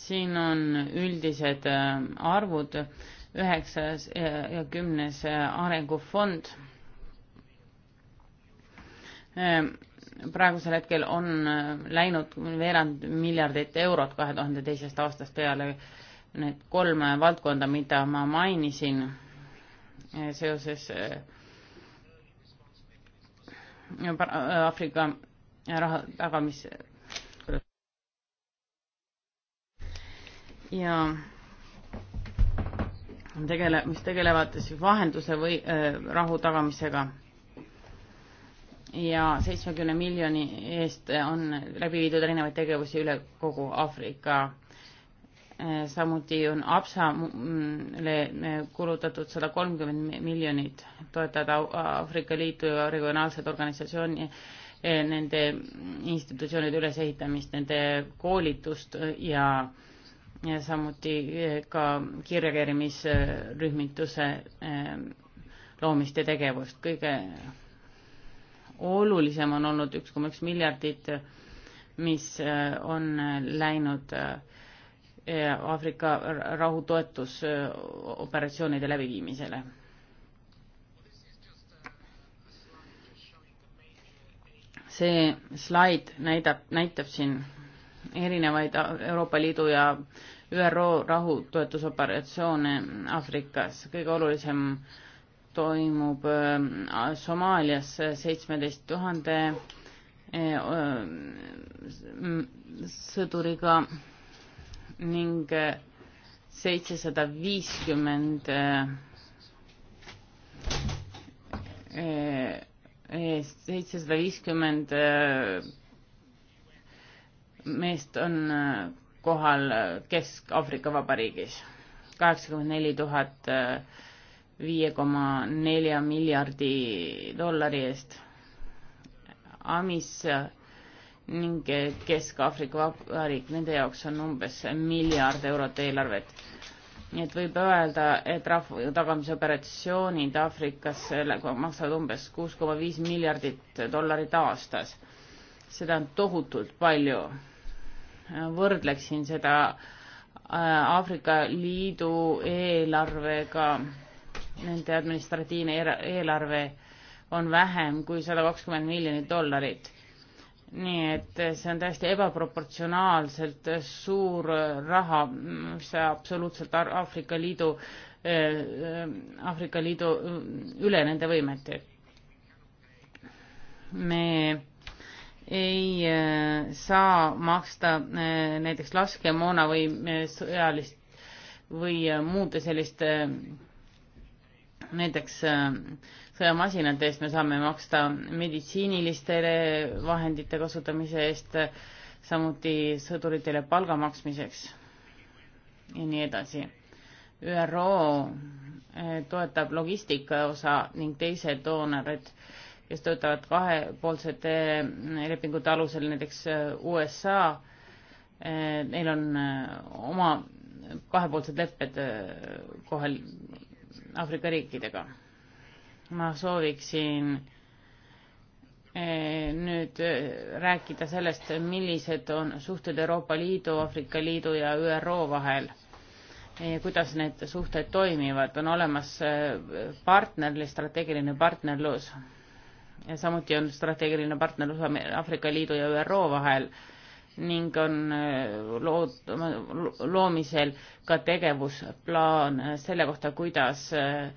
siin on üldised äh, arvud, üheksas äh, ja kümnes äh, arengufond. Ähm, praegusel hetkel on läinud veerand miljardit eurot kahe tuhande teisest aastast peale need kolm valdkonda, mida ma mainisin seoses Aafrika raha tagamisega ja tegele-, mis tegelevad siis vahenduse või äh, rahu tagamisega. ja seitsmekümne miljoni eest on läbi viidud erinevaid tegevusi üle kogu Aafrika. Äh, samuti on Apsale mm, äh, kulutatud sada kolmkümmend miljonit toetada Aafrika Liitu ja regionaalseid organisatsioone, äh, nende institutsioonide ülesehitamist, nende koolitust ja äh, ja samuti eh, ka kiirreageerimisrühmituse eh, loomist ja tegevust. kõige olulisem on olnud üks koma üks miljardit, mis eh, on läinud Aafrika rahutoetusoperatsioonide läbiviimisele. see slaid näidab, näitab siin erinevaid Euroopa Liidu ja ÜRO rahutoetusoperatsioone Aafrikas. kõige olulisem toimub äh, Somaalias seitsmeteist tuhande äh, sõduriga ning äh, seitsesada viiskümmend seitsesada viiskümmend meest on äh, kohal äh, Kesk-Aafrika Vabariigis. kaheksakümmend neli tuhat äh, viie koma nelja miljardi dollari eest. Amis ning Kesk-Aafrika Vabariik, nende jaoks on umbes miljard eurot eelarvet. nii et võib öelda, et rahva tagamise operatsioonid Aafrikas maksavad umbes kuus koma viis miljardit dollarit aastas. seda on tohutult palju võrdleksin seda äh, Aafrika Liidu eelarvega, nende administratiivne eelarve on vähem kui sada kakskümmend miljonit dollarit. nii et see on täiesti ebaproportsionaalselt suur raha, mis absoluutselt Aafrika Liidu, äh, Aafrika Liidu üle nende võimete. me ei äh, saa maksta äh, näiteks laskemoona või äh, sõjalist või muude selliste näiteks sõjamasinate eest me saame maksta meditsiinilistele vahendite kasutamise eest, samuti sõduritele palga maksmiseks ja nii edasi. ÜRO toetab logistika osa ning teised doonorid äh, kes töötavad kahepoolsete lepingute alusel, näiteks äh, USA, äh, neil on äh, oma kahepoolsed lepped kohal Aafrika riikidega. ma sooviksin nüüd rääkida sellest, millised on suhted Euroopa Liidu, Aafrika Liidu ja ÜRO vahel kuidas need suhted toimivad, on olemas partnerli, strateegiline partnerlus ja samuti on strateegiline partnerlus Aafrika Liidu ja ÜRO vahel ning on äh, lood, loomisel ka tegevusplaan äh, selle kohta, kuidas äh,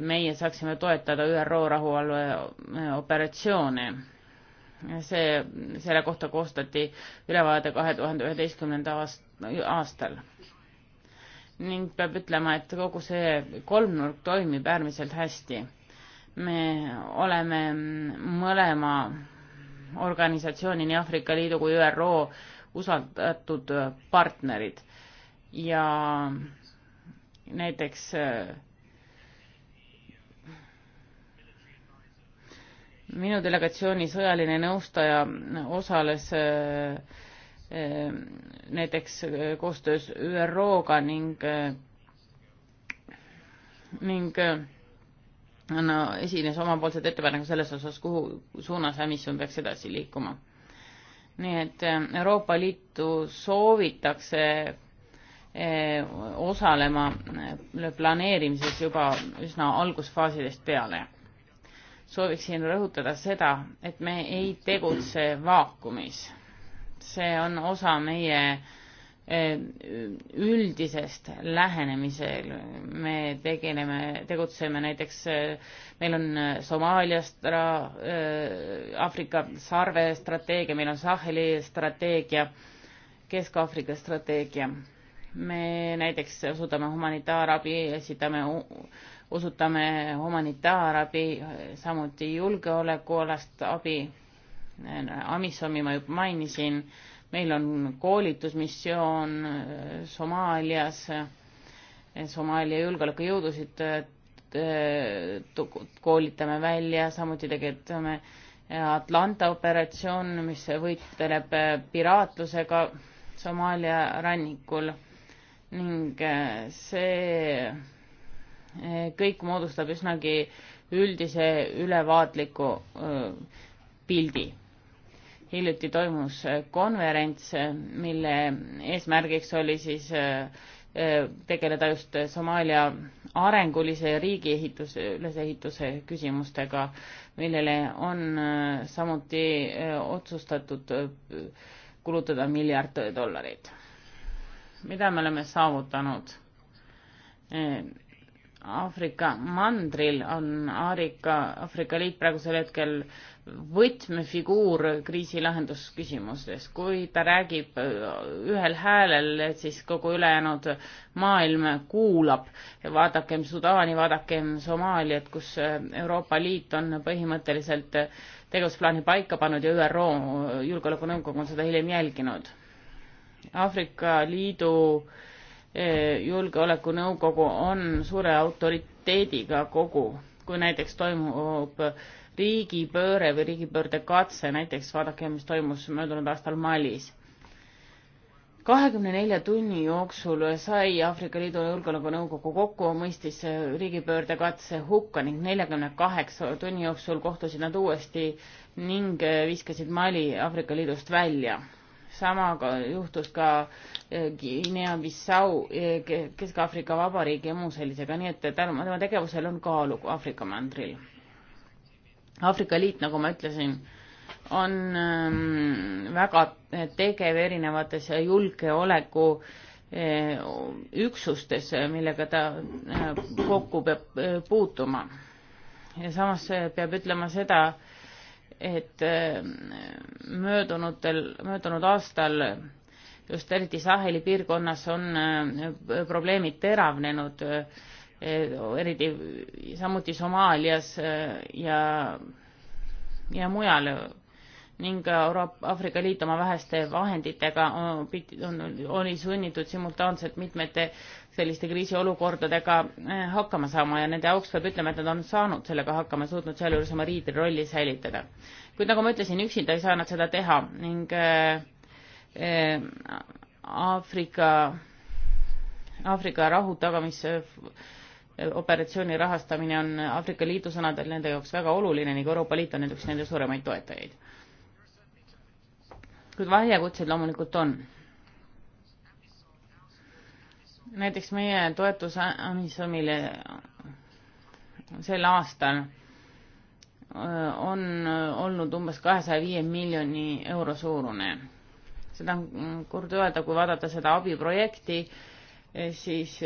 meie saaksime toetada ÜRO rahuvalveoperatsioone see, selle kohta koostati ülevaade kahe tuhande üheteistkümnenda aastal. ning peab ütlema, et kogu see kolmnurk toimib äärmiselt hästi me oleme mõlema organisatsiooni, nii Aafrika Liidu kui ÜRO usaldatud partnerid ja näiteks minu delegatsiooni sõjaline nõustaja osales eh, eh, näiteks koostöös ÜRO-ga ning eh, ning no, esines omapoolsed ettepanekud selles osas, kuhu suunas emissioon peaks edasi liikuma. nii et äh, Euroopa Liitu soovitakse äh, osalema äh, planeerimises juba üsna algusfaasidest peale. sooviksin rõhutada seda, et me ei tegutse vaakumis. see on osa meie äh, üldisest lähenemisel. me tegeleme, tegutseme näiteks, meil on Somaaliast äh, Aafrika sarve strateegia, meil on Saheli strateegia, Kesk-Aafrika strateegia. me näiteks osutame humanitaarabi, esitame, osutame humanitaarabi, samuti julgeolekualast abi, Amissomi ma juba mainisin meil on koolitusmissioon äh, Somaalias, äh, Somaalia julgeolekujõudusid äh, koolitame välja, samuti tegeleme Atlanta operatsioon, mis võitleb piraatlusega Somaalia rannikul ning see kõik moodustab üsnagi üldise ülevaatliku pildi hiljuti toimus äh, konverents, äh, mille eesmärgiks oli siis äh, tegeleda just Somaalia arengulise ja riigiehituse, ülesehituse küsimustega, millele on samuti otsustatud kulutada miljard dollarit. mida me oleme saavutanud? Aafrika mandril on Aarika, Aafrika Liit praegusel hetkel võtmefiguur kriisi lahendusküsimustes. kui ta räägib äh, ühel häälel, et siis kogu ülejäänud maailm kuulab. vaadakem Sudaani, vaadakem Somaaliat, kus äh, Euroopa Liit on põhimõtteliselt äh, tegevusplaani paika pannud ja ÜRO Julgeolekunõukogu on seda hiljem jälginud. Aafrika Liidu äh, julgeolekunõukogu on suure autoriteediga kogu, kui näiteks toimub riigipööre või riigipöörde katse, näiteks vaadake, mis toimus möödunud aastal Malis. kahekümne nelja tunni jooksul sai Aafrika Liidu Julgeolekunõukogu kokku, mõistis riigipöörde katse hukka ning neljakümne kaheksa tunni jooksul kohtusid nad uuesti ning viskasid Mali Aafrika Liidust välja sama juhtus ka eh, Guinea-Bissau eh, Kesk-Aafrika Vabariigi ja muu sellisega, nii et tema tegevusel on kaalu Aafrika mandril. Aafrika Liit, nagu ma ütlesin, on ehm, väga tegev erinevates julgeoleku eh, üksustes, millega ta kokku peab puutuma. ja samas peab ütlema seda, et äh, möödunutel, möödunud aastal just eriti Saheli piirkonnas on äh, probleemid teravnenud, äh, eriti samuti Somaalias ja, ja mujal ning Euroopa, Aafrika Liit oma väheste vahenditega on, on, oli sunnitud simultaanselt mitmete selliste kriisiolukordadega eh, hakkama saama ja nende jaoks peab ütlema, et nad on saanud sellega hakkama, suutnud sealjuures oma liidri rolli säilitada. kuid nagu ma ütlesin, üksinda ei saa nad seda teha ning eh, eh, Aafrika äh, äh,, Aafrika rahu tagamise operatsiooni rahastamine on Aafrika Liidu sõnadel nende jaoks väga oluline ning Euroopa Liit on nüüd üks nende suuremaid toetajaid. kuid väljakutseid loomulikult on näiteks meie toetus Amisomile sel aastal on olnud umbes kahesaja viie miljoni euro suurune. seda on kurb öelda, kui vaadata seda abiprojekti, siis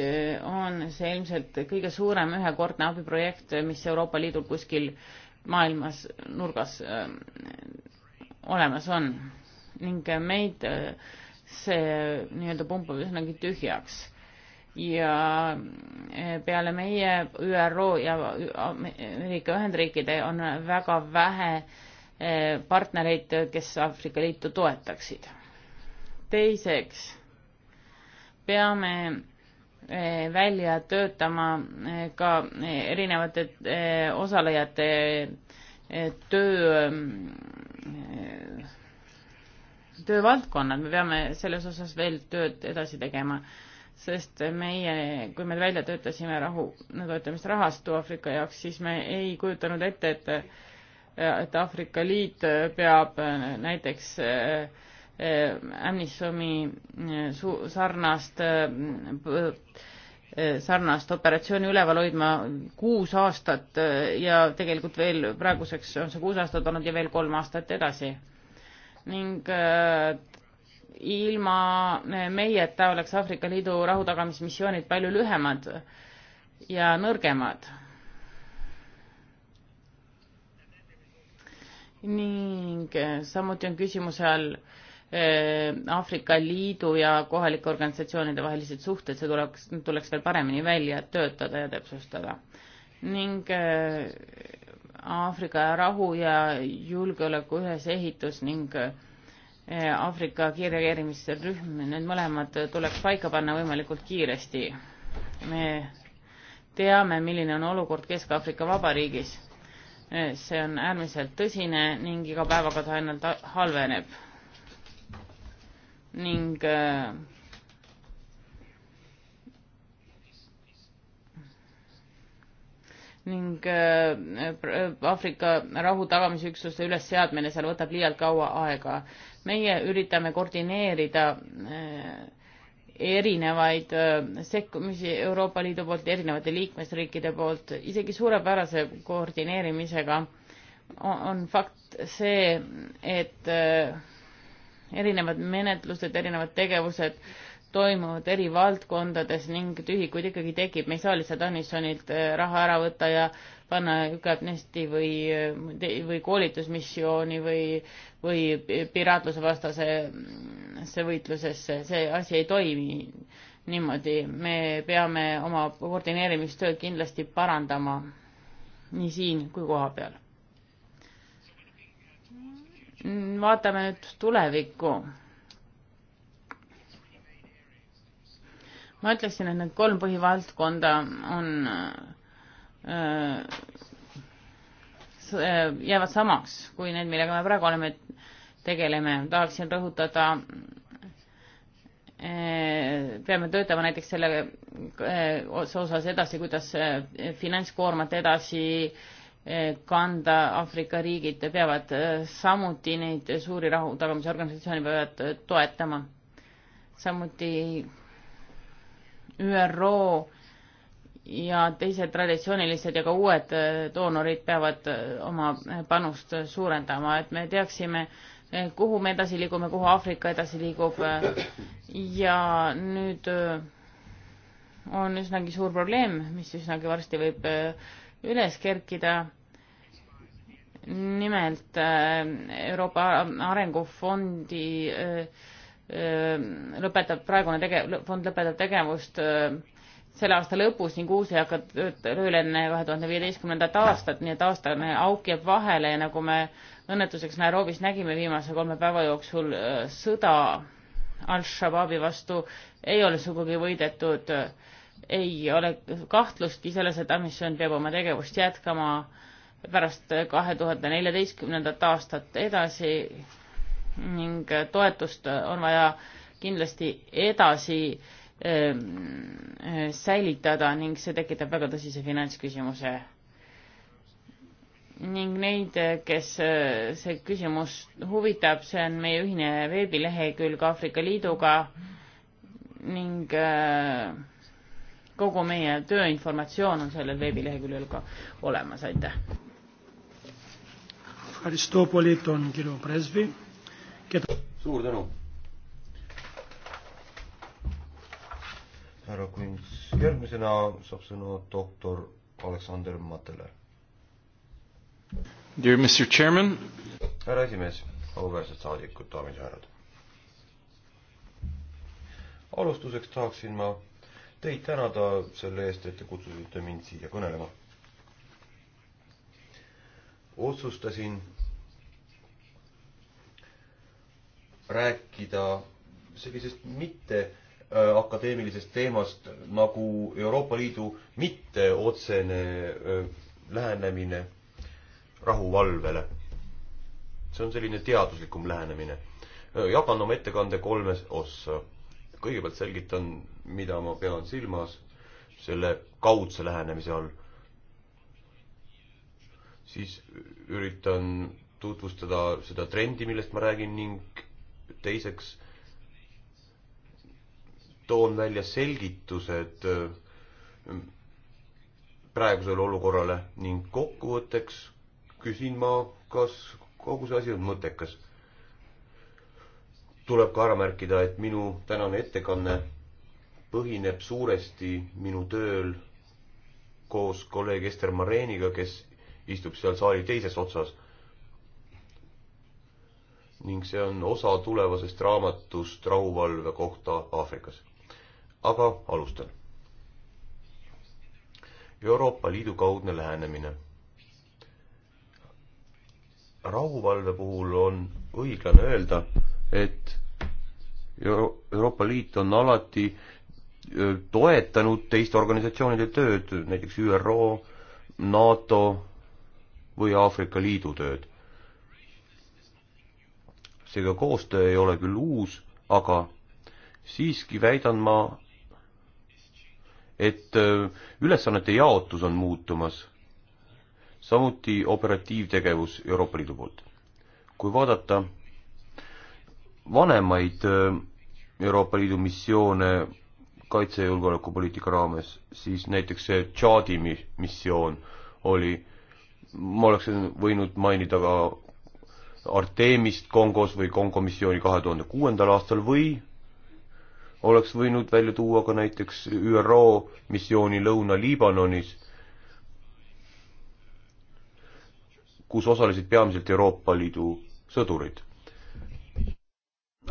on see ilmselt kõige suurem ühekordne abiprojekt, mis Euroopa Liidul kuskil maailmas nurgas olemas on ning meid see nii-öelda pumpab üsnagi tühjaks ja eh, peale meie ÜRO ja Ameerika Ühendriikide on väga vähe eh, partnereid, kes Aafrika Liitu toetaksid. teiseks peame eh, välja töötama ka erinevate osalejate töö, töövaldkonnad, me peame selles osas veel tööd edasi tegema sest meie, kui me välja töötasime rahu toetamisrahastu Aafrika jaoks, siis me ei kujutanud ette, et et Aafrika Liit peab näiteks eh, Amnisomi eh, su-, sarnast, eh, sarnast operatsiooni üleval hoidma kuus aastat ja tegelikult veel praeguseks on see kuus aastat olnud ja veel kolm aastat edasi. ning ilma meieta oleks Aafrika Liidu rahutagamismissioonid palju lühemad ja nõrgemad. ning samuti on küsimuse all eh, Aafrika Liidu ja kohalike organisatsioonide vahelised suhted, see tuleks, tuleks veel paremini välja töötada ja täpsustada. ning eh, Aafrika rahu ja julgeoleku ühesehitus ning äh, Eh, Aafrika kiirreageerimisrühm, need mõlemad tuleks paika panna võimalikult kiiresti. me teame, milline on olukord Kesk-Aafrika Vabariigis. Eh, see on äärmiselt tõsine ning iga päevaga ta ainult halveneb. ning eh, ning Aafrika rahu tagamisüksuste ülesseadmine seal võtab liialt kaua aega meie üritame koordineerida eh, erinevaid eh, sekkumisi Euroopa Liidu poolt, erinevate liikmesriikide poolt, isegi suurepärase koordineerimisega on fakt see, et eh, erinevad menetlused, erinevad tegevused toimuvad eri valdkondades ning tühikuid ikkagi tekib, me ei saa lihtsalt Anissonilt raha ära võtta ja panna Ükarnesti või, või koolitusmissiooni või, või piraatluse vastasesse võitlusesse, see asi ei toimi niimoodi. me peame oma koordineerimistööd kindlasti parandama nii siin kui koha peal. vaatame nüüd tulevikku. ma ütleksin, et need kolm põhivaldkonda on Äh, äh, äh, jäävad samaks kui need, millega me praegu oleme, tegeleme. tahaksin rõhutada, peame töötama näiteks selle osas edasi, kuidas finantskoormat edasi kanda, Aafrika riigid peavad samuti neid suuri rahutagamise organisatsioone peavad toetama. samuti ÜRO ja teised traditsioonilised ja ka uued äh, doonorid peavad äh, oma panust suurendama, et me teaksime, äh, kuhu me edasi liigume, kuhu Aafrika edasi liigub ja nüüd on üsnagi suur probleem, mis üsnagi varsti võib üles kerkida. nimelt Euroopa Arengufondi lõpetab praegune tege-, fond lõpetab tegevust selle aasta lõpus ning uus ei hakka tööle enne kahe tuhande viieteistkümnendat aastat, nii et aastane auk jääb vahele ja nagu me õnnetuseks Nairobis nägime viimase kolme päeva jooksul, äh, sõda Al-Shabaabi vastu ei ole sugugi võidetud, ei ole kahtlustki selles, et Amisjon peab oma tegevust jätkama pärast kahe tuhande neljateistkümnendat aastat edasi ning toetust on vaja kindlasti edasi äh, Ähm, äh, säilitada ning see tekitab väga tõsise finantsküsimuse. ning neid, äh, kes äh, see küsimus huvitab, see on meie ühine veebilehekülg Aafrika Liiduga ning kogu meie tööinformatsioon on sellel veebileheküljel ka olemas, aitäh. suur tänu härra Kunts. järgmisena saab sõna doktor Aleksander Matele. Dear Mr Chairman. härra esimees, auväärsed saadikud, daamid ja härrad. alustuseks tahaksin ma teid tänada selle eest, et te kutsusite mind siia kõnelema. otsustasin rääkida sellisest mitte Äh, akadeemilisest teemast nagu Euroopa Liidu mitteotsene äh, lähenemine rahuvalvele. see on selline teaduslikum lähenemine. Äh, jagan oma ettekande kolmes ossa. kõigepealt selgitan, mida ma pean silmas selle kaudse lähenemise all. siis üritan tutvustada seda trendi, millest ma räägin ning teiseks toon välja selgitused äh, praegusele olukorrale ning kokkuvõtteks küsin ma, kas kogu see asi on mõttekas. tuleb ka ära märkida, et minu tänane ettekanne põhineb suuresti minu tööl koos kolleeg Ester Mareeniga, kes istub seal saali teises otsas. ning see on osa tulevasest raamatust rahuvalve kohta Aafrikas aga alustan. Euroopa Liidu kaudne lähenemine. rahuvalve puhul on õiglane öelda, et Euro Euroopa Liit on alati toetanud teiste organisatsioonide tööd, näiteks ÜRO, NATO või Aafrika Liidu tööd. seega koostöö ei ole küll uus, aga siiski väidan ma, et äh, ülesannete jaotus on muutumas, samuti operatiivtegevus Euroopa Liidu poolt. kui vaadata vanemaid äh, Euroopa Liidu missioone kaitse- ja julgeolekupoliitika raames, siis näiteks see Tšaadi missioon oli, ma oleksin võinud mainida ka Artemist Kongos või Kongo missiooni kahe tuhande kuuendal aastal või oleks võinud välja tuua ka näiteks ÜRO missiooni Lõuna-Liibanonis, kus osalesid peamiselt Euroopa Liidu sõdurid.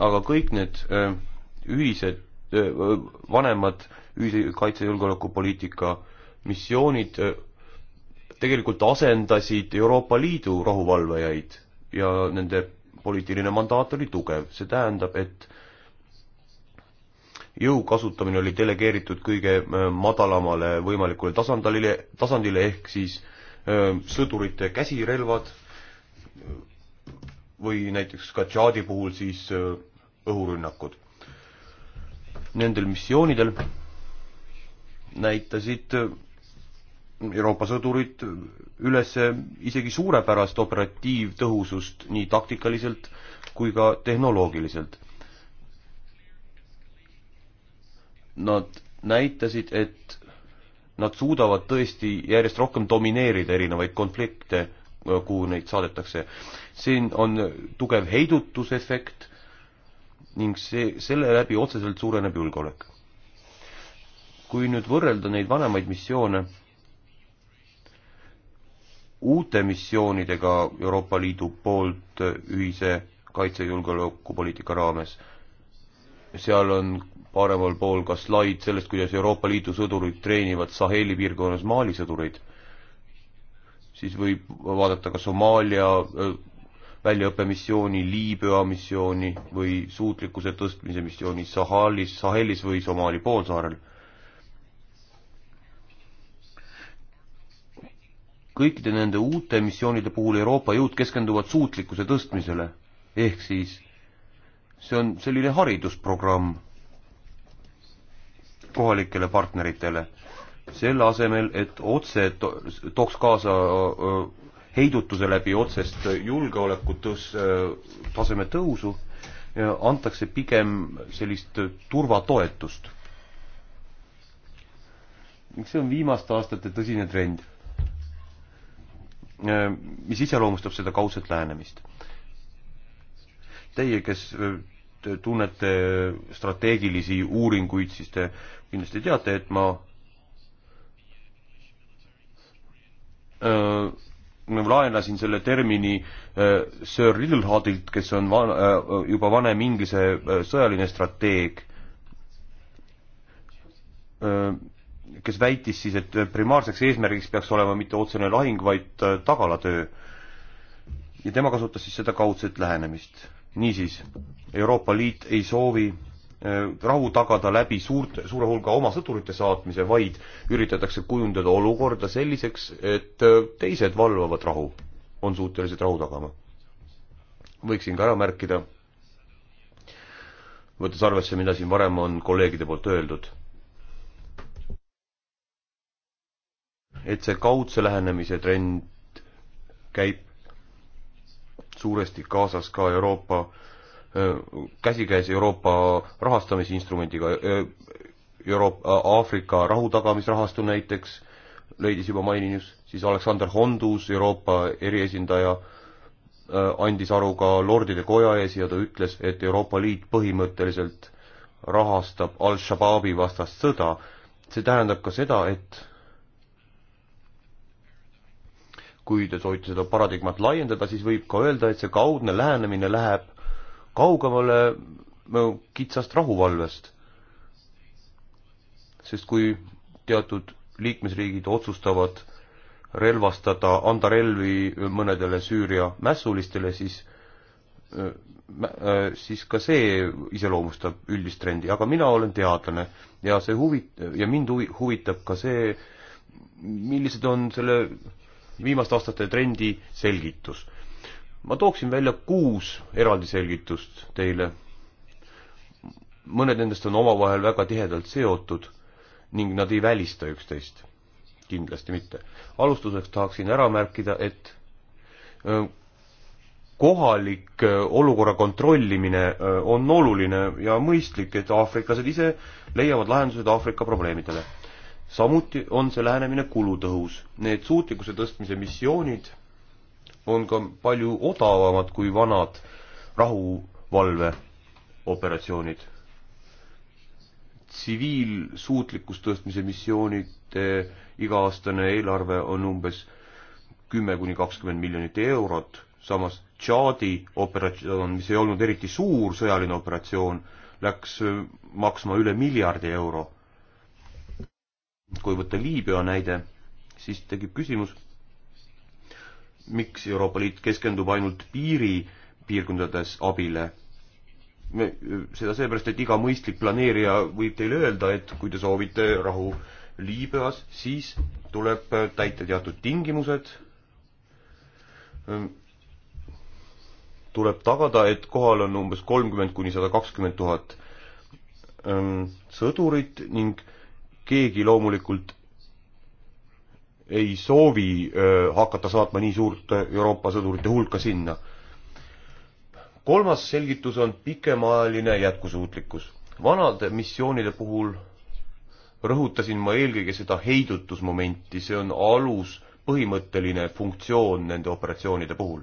aga kõik need öö, äh, ühised, äh, vanemad ühise kaitse- ja julgeolekupoliitika missioonid öö, äh, tegelikult asendasid Euroopa Liidu rahuvalvajaid ja nende poliitiline mandaat oli tugev, see tähendab, et jõu kasutamine oli delegeeritud kõige äh, madalamale võimalikule tasandile, tasandile ehk siis äh, sõdurite käsirelvad või näiteks ka Tšaadi puhul siis äh, õhurünnakud. Nendel missioonidel näitasid Euroopa sõdurid üles isegi suurepärast operatiivtõhusust nii taktikaliselt kui ka tehnoloogiliselt Nad näitasid, et nad suudavad tõesti järjest rohkem domineerida erinevaid konflikte, kuhu neid saadetakse. siin on tugev heidutusefekt ning see, selle läbi otseselt suureneb julgeolek. kui nüüd võrrelda neid vanemaid missioone uute missioonidega Euroopa Liidu poolt ühise kaitse- ja julgeolekupoliitika raames, seal on paremal pool ka slaid sellest, kuidas Euroopa Liidu sõdurid treenivad Saheli piirkonnas Mali sõdureid, siis võib vaadata ka Somaalia väljaõppemissiooni, Liibüa missiooni või suutlikkuse tõstmise missiooni Sahalis, Sahelis või Somaali poolsaarel. kõikide nende uute missioonide puhul Euroopa jõud keskenduvad suutlikkuse tõstmisele, ehk siis see on selline haridusprogramm kohalikele partneritele, selle asemel, et otse to tooks kaasa heidutuse läbi otsest julgeolekutus taseme tõusu, antakse pigem sellist turvatoetust. see on viimaste aastate tõsine trend, mis iseloomustab seda kaudset lähenemist. Teie, kes tunnete strateegilisi uuringuid, siis te kindlasti teate, et ma öö, laenasin selle termini äh, Sir Littlehardilt, kes on van, äh, juba vanem Inglise äh, sõjaline strateeg äh,, kes väitis siis, et primaarseks eesmärgiks peaks olema mitte otsene lahing, vaid äh, tagalatöö. ja tema kasutas siis seda kaudset lähenemist. niisiis, Euroopa Liit ei soovi Äh, rahu tagada läbi suurte, suure hulga oma sõdurite saatmise, vaid üritatakse kujundada olukorda selliseks, et äh, teised valvavad rahu, on suutelised rahu tagama. võiksin ka ära märkida, võttes arvesse, mida siin varem on kolleegide poolt öeldud, et see kaudse lähenemise trend käib suuresti kaasas ka Euroopa äh, käsikäes Euroopa rahastamisinstrumendiga, Euroopa, Aafrika rahutagamisrahastu näiteks leidis juba maininus, siis Aleksander Hondus, Euroopa eriesindaja, andis aru ka Lordide Koja ees ja ta ütles, et Euroopa Liit põhimõtteliselt rahastab Al-Shabaabi vastast sõda. see tähendab ka seda, et kui te soovite seda paradigmat laiendada, siis võib ka öelda, et see kaudne lähenemine läheb kaugemale kitsast rahuvalvest. sest kui teatud liikmesriigid otsustavad relvastada, anda relvi mõnedele Süüria mässulistele, siis äh, äh, siis ka see iseloomustab üldist trendi, aga mina olen teadlane ja see huvi- ja mind huvi-, huvitab ka see, millised on selle viimaste aastate trendi selgitus ma tooksin välja kuus eraldi selgitust teile. mõned nendest on omavahel väga tihedalt seotud ning nad ei välista üksteist. kindlasti mitte. alustuseks tahaksin ära märkida, et kohalik olukorra kontrollimine on oluline ja mõistlik, et aafriklased ise leiavad lahendused Aafrika probleemidele. samuti on see lähenemine kulutõhus. Need suutlikkuse tõstmise missioonid on ka palju odavamad kui vanad rahuvalveoperatsioonid. tsiviilsuutlikkust tõstmise missioonide iga-aastane eelarve on umbes kümme kuni kakskümmend miljonit eurot, samas Tšaadi operatsioon, mis ei olnud eriti suur sõjaline operatsioon, läks maksma üle miljardi euro. kui võtta Liibüa näide, siis tekib küsimus miks Euroopa Liit keskendub ainult piiripiirkondades abile. me, seda seepärast, et iga mõistlik planeerija võib teile öelda, et kui te soovite rahu Liibüas, siis tuleb täita teatud tingimused, tuleb tagada, et kohal on umbes kolmkümmend kuni sada kakskümmend tuhat ähm, sõdurit ning keegi loomulikult ei soovi öö, hakata saatma nii suurt Euroopa sõdurite hulka sinna. kolmas selgitus on pikemaajaline jätkusuutlikkus. vanade missioonide puhul rõhutasin ma eelkõige seda heidutusmomenti, see on alus, põhimõtteline funktsioon nende operatsioonide puhul.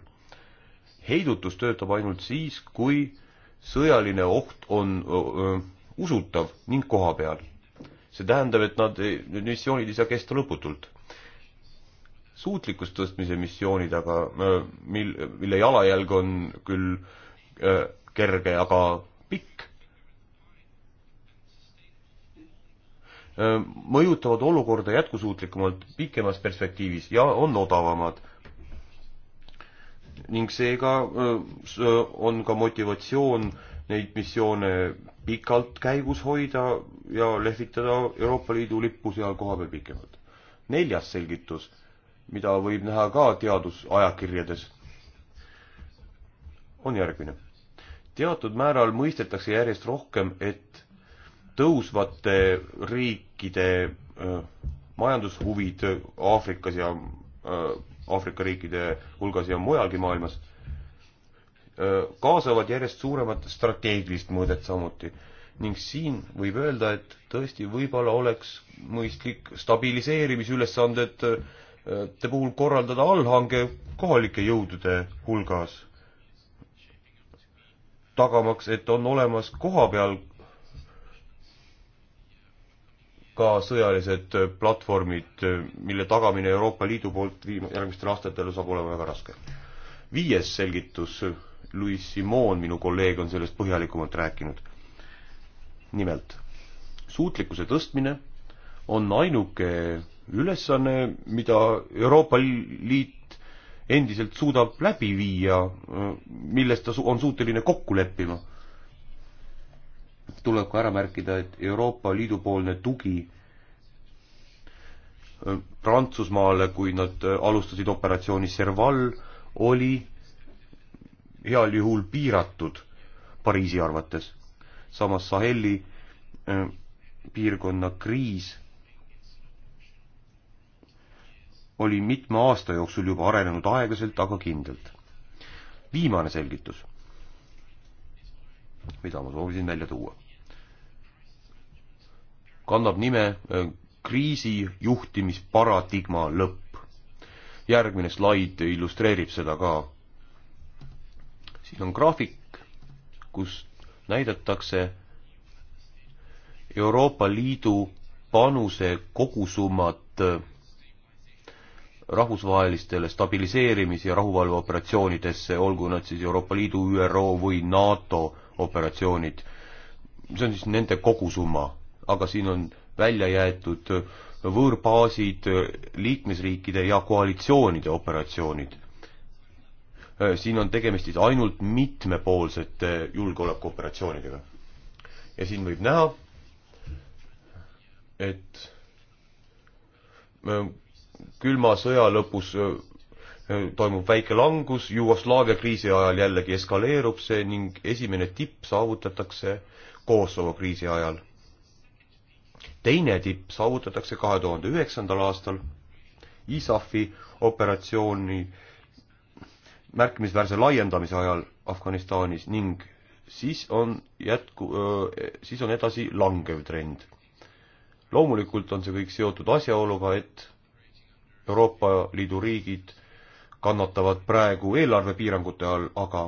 heidutus töötab ainult siis, kui sõjaline oht on öö, usutav ning kohapeal. see tähendab, et nad, need missioonid ei saa kesta lõputult suutlikkust tõstmise missioonid, aga mil, mille jalajälg on küll äh, kerge, aga pikk äh,, mõjutavad olukorda jätkusuutlikumalt pikemas perspektiivis ja on odavamad. ning seega äh, on ka motivatsioon neid missioone pikalt käigus hoida ja lehvitada Euroopa Liidu lippu seal kohapeal pikemalt. neljas selgitus mida võib näha ka teadusajakirjades, on järgmine. teatud määral mõistetakse järjest rohkem, et tõusvate riikide öö, äh, majandushuvid Aafrikas ja äh, Aafrika riikide hulgas ja mujalgi maailmas äh, kaasavad järjest suuremat strateegilist mõõdet samuti. ning siin võib öelda, et tõesti võib-olla oleks mõistlik stabiliseerimisülesanded te puhul korraldada allhange kohalike jõudude hulgas, tagamaks, et on olemas kohapeal ka sõjalised platvormid, mille tagamine Euroopa Liidu poolt viim-, järgmistel aastatel saab olema väga raske. viies selgitus, Louis Simon, minu kolleeg, on sellest põhjalikumalt rääkinud. nimelt, suutlikkuse tõstmine on ainuke ülesanne, mida Euroopa Liit endiselt suudab läbi viia, milles ta on suuteline kokku leppima. tuleb ka ära märkida, et Euroopa Liidu poolne tugi äh, Prantsusmaale, kui nad äh, alustasid operatsiooni Serval, oli heal juhul piiratud Pariisi arvates. samas Saheli äh, piirkonna kriis oli mitme aasta jooksul juba arenenud aeglaselt, aga kindlalt. viimane selgitus, mida ma soovisin välja tuua, kannab nime äh, kriisi juhtimisparadigma lõpp. järgmine slaid illustreerib seda ka. siin on graafik, kus näidatakse Euroopa Liidu panuse kogusummat äh, rahvusvahelistele stabiliseerimis- ja rahuvalveoperatsioonidesse, olgu nad siis Euroopa Liidu, ÜRO või NATO operatsioonid. see on siis nende kogusumma, aga siin on välja jäetud võõrbaasid, liikmesriikide ja koalitsioonide operatsioonid. siin on tegemist siis ainult mitmepoolsete julgeolekuoperatsioonidega. ja siin võib näha, et külma sõja lõpus toimub väike langus, Jugoslaavia kriisi ajal jällegi eskaleerub see ning esimene tipp saavutatakse Kosovo kriisi ajal. teine tipp saavutatakse kahe tuhande üheksandal aastal ISAF-i operatsiooni märkimisväärse laiendamise ajal Afganistanis ning siis on jätku, siis on edasi langev trend. loomulikult on see kõik seotud asjaoluga, et Euroopa Liidu riigid kannatavad praegu eelarvepiirangute all, aga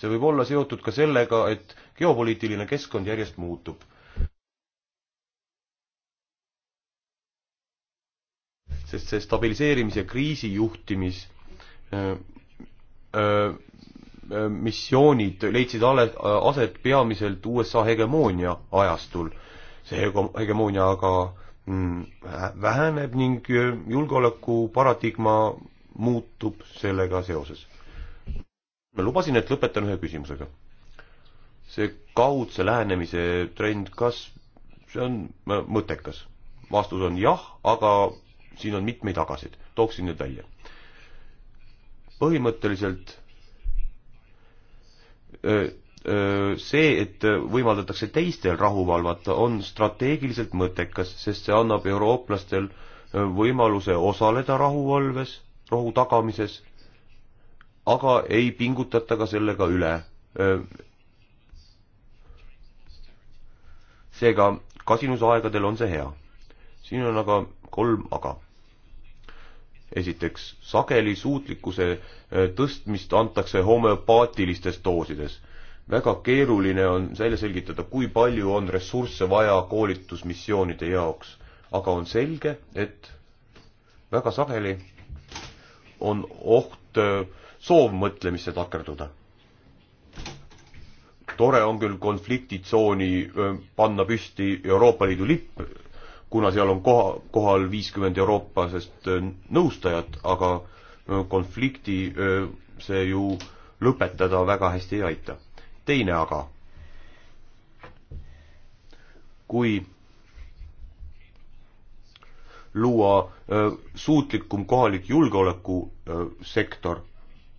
see võib olla seotud ka sellega, et geopoliitiline keskkond järjest muutub. sest see stabiliseerimise kriisi juhtimis öö, äh, öö, äh, äh, missioonid leidsid ale-, aset peamiselt USA hegemoonia ajastul. see hegemoonia aga Mm, väheneb ning äh, julgeoleku paradigma muutub sellega seoses. ma lubasin, et lõpetan ühe küsimusega. see kaudse lähenemise trend, kas see on äh, mõttekas? vastus on jah, aga siin on mitmeid agasid, tooksin need välja. põhimõtteliselt öö, äh, Äh, see, et võimaldatakse teistel rahu valvata, on strateegiliselt mõttekas, sest see annab eurooplastel äh, võimaluse osaleda rahuvalves, rahu tagamises, aga ei pingutata ka sellega üle. Äh, seega kasinusaegadel on see hea. siin on aga kolm aga esiteks sageli suutlikkuse tõstmist antakse homöopaatilistes doosides väga keeruline on välja selgitada, kui palju on ressursse vaja koolitusmissioonide jaoks, aga on selge, et väga sageli on oht äh, soovmõtlemisse takerduda. tore on küll konfliktitsooni äh, panna püsti Euroopa Liidu lipp, kuna seal on koha, kohal viiskümmend eurooplasest äh, nõustajat, aga konflikti see ju lõpetada väga hästi ei aita teine aga. kui luua öö, suutlikum kohalik julgeolekusektor,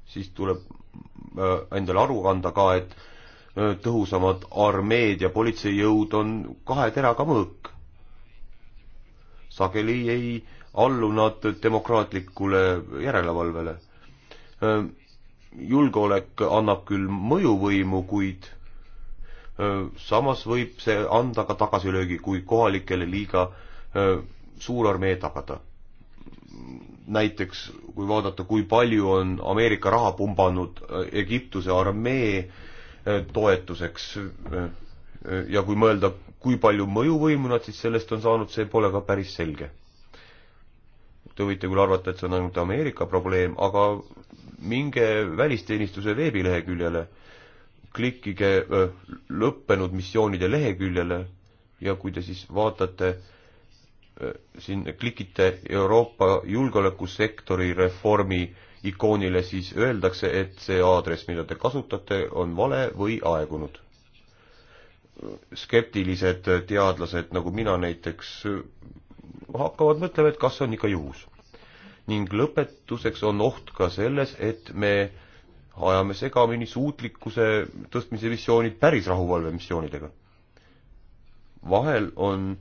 siis tuleb öö, endale aru anda ka, et öö, tõhusamad armeed ja politseijõud on kahe teraga mõõk. sageli ei allu nad demokraatlikule järelevalvele julgeolek annab küll mõjuvõimu, kuid samas võib see anda ka tagasilöögi, kui kohalikele liiga suur armee tagada. näiteks kui vaadata, kui palju on Ameerika raha pumbanud Egiptuse armee toetuseks ja kui mõelda, kui palju mõjuvõimu nad siis sellest on saanud, see pole ka päris selge Te võite küll arvata, et see on ainult Ameerika probleem, aga minge välisteenistuse veebileheküljele, klikkige öö, lõppenud missioonide leheküljele ja kui te siis vaatate öö, siin, klikite Euroopa julgeolekusektori reformi ikoonile, siis öeldakse, et see aadress, mida te kasutate, on vale või aegunud. skeptilised teadlased, nagu mina näiteks, hakkavad mõtlema, et kas see on ikka juhus. ning lõpetuseks on oht ka selles, et me ajame segamini suutlikkuse tõstmise missioonid päris rahuvalvemissioonidega. vahel on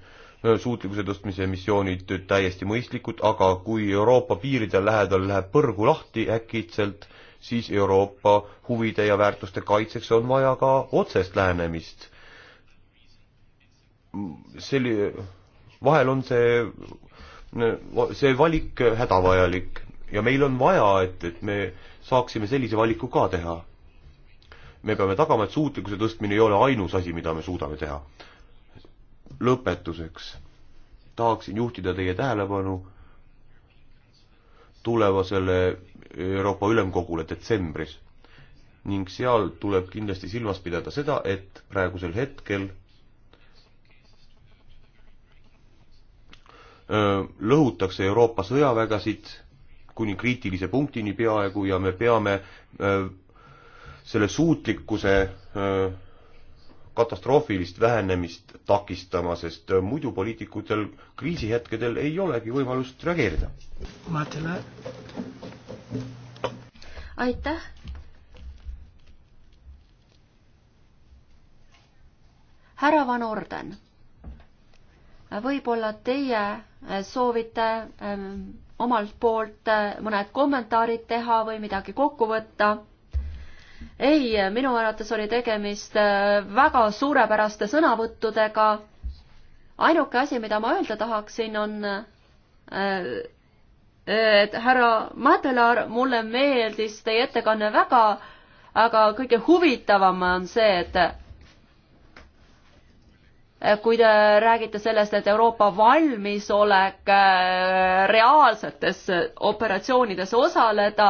suutlikkuse tõstmise missioonid täiesti mõistlikud, aga kui Euroopa piiride lähedal läheb põrgu lahti äkitselt, siis Euroopa huvide ja väärtuste kaitseks on vaja ka otsest lähenemist. selli-, vahel on see, see valik hädavajalik ja meil on vaja, et, et me saaksime sellise valiku ka teha. me peame tagama, et suutlikkuse tõstmine ei ole ainus asi, mida me suudame teha. lõpetuseks tahaksin juhtida teie tähelepanu tulevasele Euroopa Ülemkogule detsembris ning seal tuleb kindlasti silmas pidada seda, et praegusel hetkel lõhutakse Euroopa sõjavägesid kuni kriitilise punktini peaaegu ja me peame selle suutlikkuse katastroofilist vähenemist takistama, sest muidu poliitikutel kriisihetkedel ei olegi võimalust reageerida. aitäh. härra Van Orden võib-olla teie äh, soovite ähm, omalt poolt äh, mõned kommentaarid teha või midagi kokku võtta? ei, äh, minu arvates oli tegemist väga suurepäraste sõnavõttudega. ainuke asi, mida ma öelda tahaksin, on et härra Madelaar, mulle meeldis teie ettekanne väga, aga kõige huvitavam on see, et Eh, kui te räägite sellest, et Euroopa valmisolek eh, reaalsetes eh, operatsioonides osaleda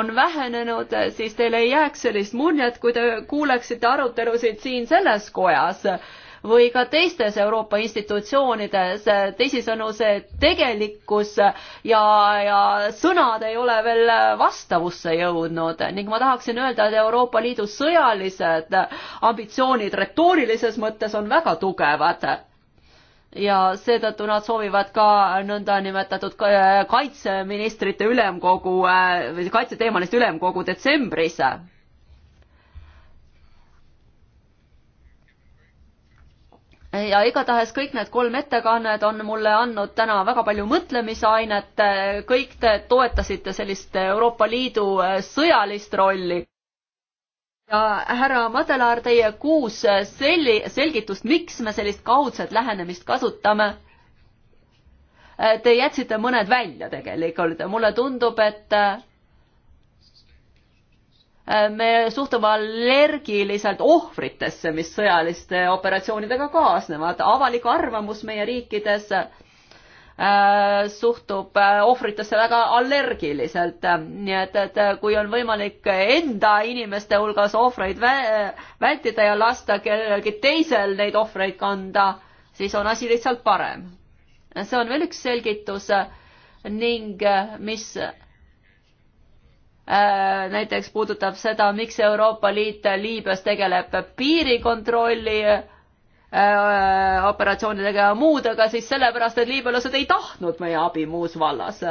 on vähenenud, siis teil ei jääks sellist muljet, kui te kuuleksite arutelusid siin selles kojas või ka teistes Euroopa institutsioonides. teisisõnu, see tegelikkus ja, ja sõnad ei ole veel vastavusse jõudnud ning ma tahaksin öelda, et Euroopa Liidu sõjalised ambitsioonid retoorilises mõttes on väga tugevad ja seetõttu nad soovivad ka nõndanimetatud eh, kaitseministrite ülemkogu eh, või kaitseteemalist ülemkogu detsembris ja igatahes kõik need kolm ettekannet on mulle andnud täna väga palju mõtlemisainet, kõik te toetasite sellist Euroopa Liidu äh, sõjalist rolli. ja härra Madelaar, teie kuus äh, selli-, selgitust, miks me sellist kaudset lähenemist kasutame, äh, te jätsite mõned välja tegelikult, mulle tundub, et Äh, me suhtume allergiliselt ohvritesse, mis sõjaliste operatsioonidega kaasnevad. avalik arvamus meie riikides äh, suhtub äh, ohvritesse väga allergiliselt, nii et, et kui on võimalik enda inimeste hulgas ohvreid vä vältida ja lasta kellelgi teisel neid ohvreid kanda, siis on asi lihtsalt parem. see on veel üks selgitus ning mis Äh, näiteks puudutab seda, miks Euroopa Liit Liibüas tegeleb piirikontrolli äh, operatsioonidega ja muudega, siis sellepärast, et liibüalased ei tahtnud meie abi muus vallas.